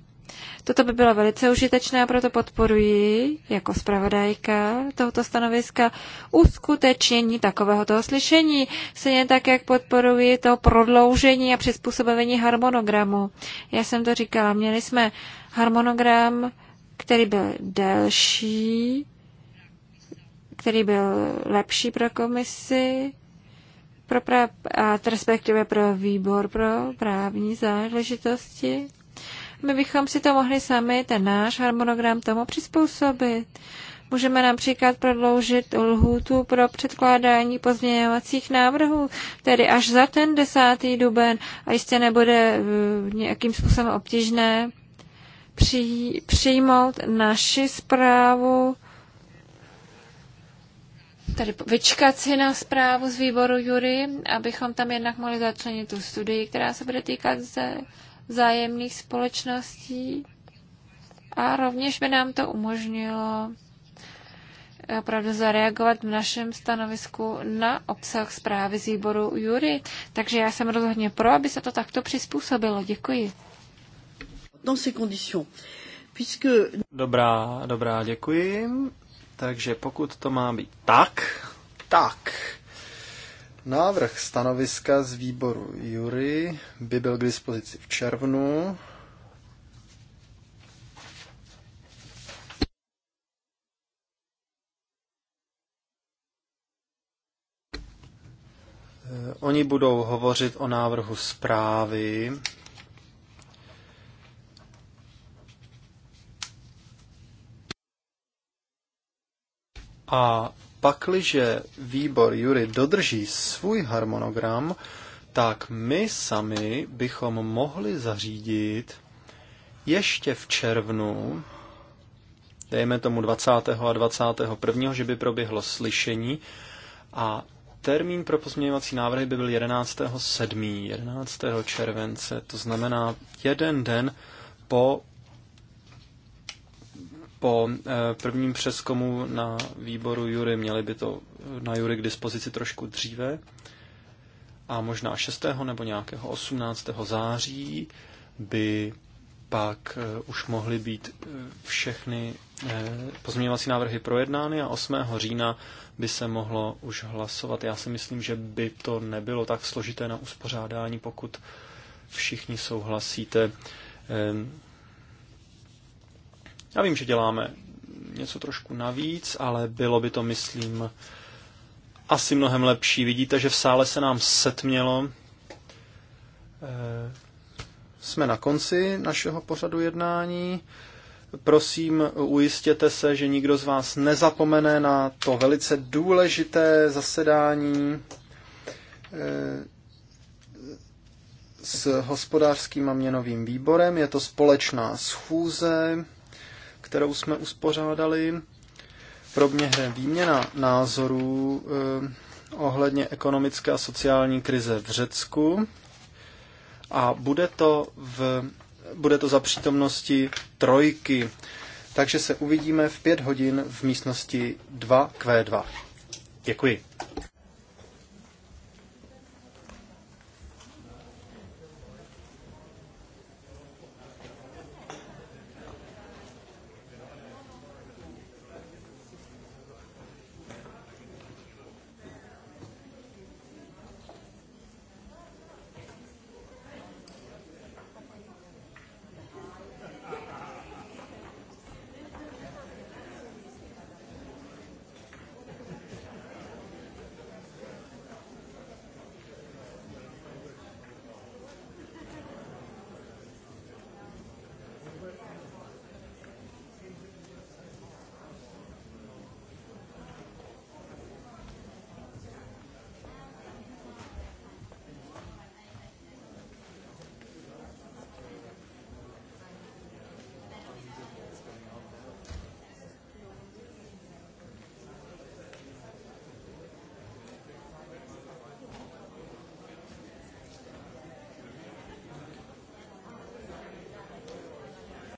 Toto by bylo velice užitečné a proto podporuji jako zpravodajka tohoto stanoviska uskutečnění takového toho slyšení, stejně tak, jak podporuji to prodloužení a přizpůsobení harmonogramu. Já jsem to říkala, měli jsme harmonogram, který byl delší, který byl lepší pro komisi, pro pra- a respektive pro výbor pro právní záležitosti. My bychom si to mohli sami, ten náš harmonogram, tomu přizpůsobit. Můžeme například prodloužit lhůtu pro předkládání pozměňovacích návrhů, tedy až za ten desátý duben a jistě nebude eh, nějakým způsobem obtížné přijmout naši zprávu, tady vyčkat si na zprávu z výboru Jury, abychom tam jednak mohli začlenit tu studii, která se bude týkat ze vzájemných společností a rovněž by nám to umožnilo opravdu zareagovat v našem stanovisku na obsah zprávy z výboru Jury. Takže já jsem rozhodně pro, aby se to takto přizpůsobilo. Děkuji. Dobrá, dobrá, děkuji. Takže pokud to má být tak, tak Návrh stanoviska z výboru Jury by byl k dispozici v červnu. Eh, oni budou hovořit o návrhu zprávy. A pakliže výbor Jury dodrží svůj harmonogram, tak my sami bychom mohli zařídit ještě v červnu, dejme tomu 20. a 21., že by proběhlo slyšení a termín pro pozměňovací návrhy by byl 11. 7. 11. července, to znamená jeden den po po eh, prvním přeskomu na výboru Jury. Měli by to na Jury k dispozici trošku dříve a možná 6. nebo nějakého 18. září by pak eh, už mohly být eh, všechny pozměňovací návrhy projednány a 8. října by se mohlo už hlasovat. Já si myslím, že by to nebylo tak složité na uspořádání, pokud všichni souhlasíte. Já vím, že děláme něco trošku navíc, ale bylo by to, myslím, asi mnohem lepší. Vidíte, že v sále se nám setmělo. Eh, jsme na konci našeho pořadu jednání. Prosím, ujistěte se, že nikdo z vás nezapomene na to velice důležité zasedání eh, s hospodářským a měnovým výborem. Je to společná schůze kterou jsme uspořádali. Proběhne výměna názorů eh, ohledně ekonomické a sociální krize v Řecku a bude to, v, bude to za přítomnosti trojky. Takže se uvidíme v pět hodin v místnosti 2Q2. Děkuji.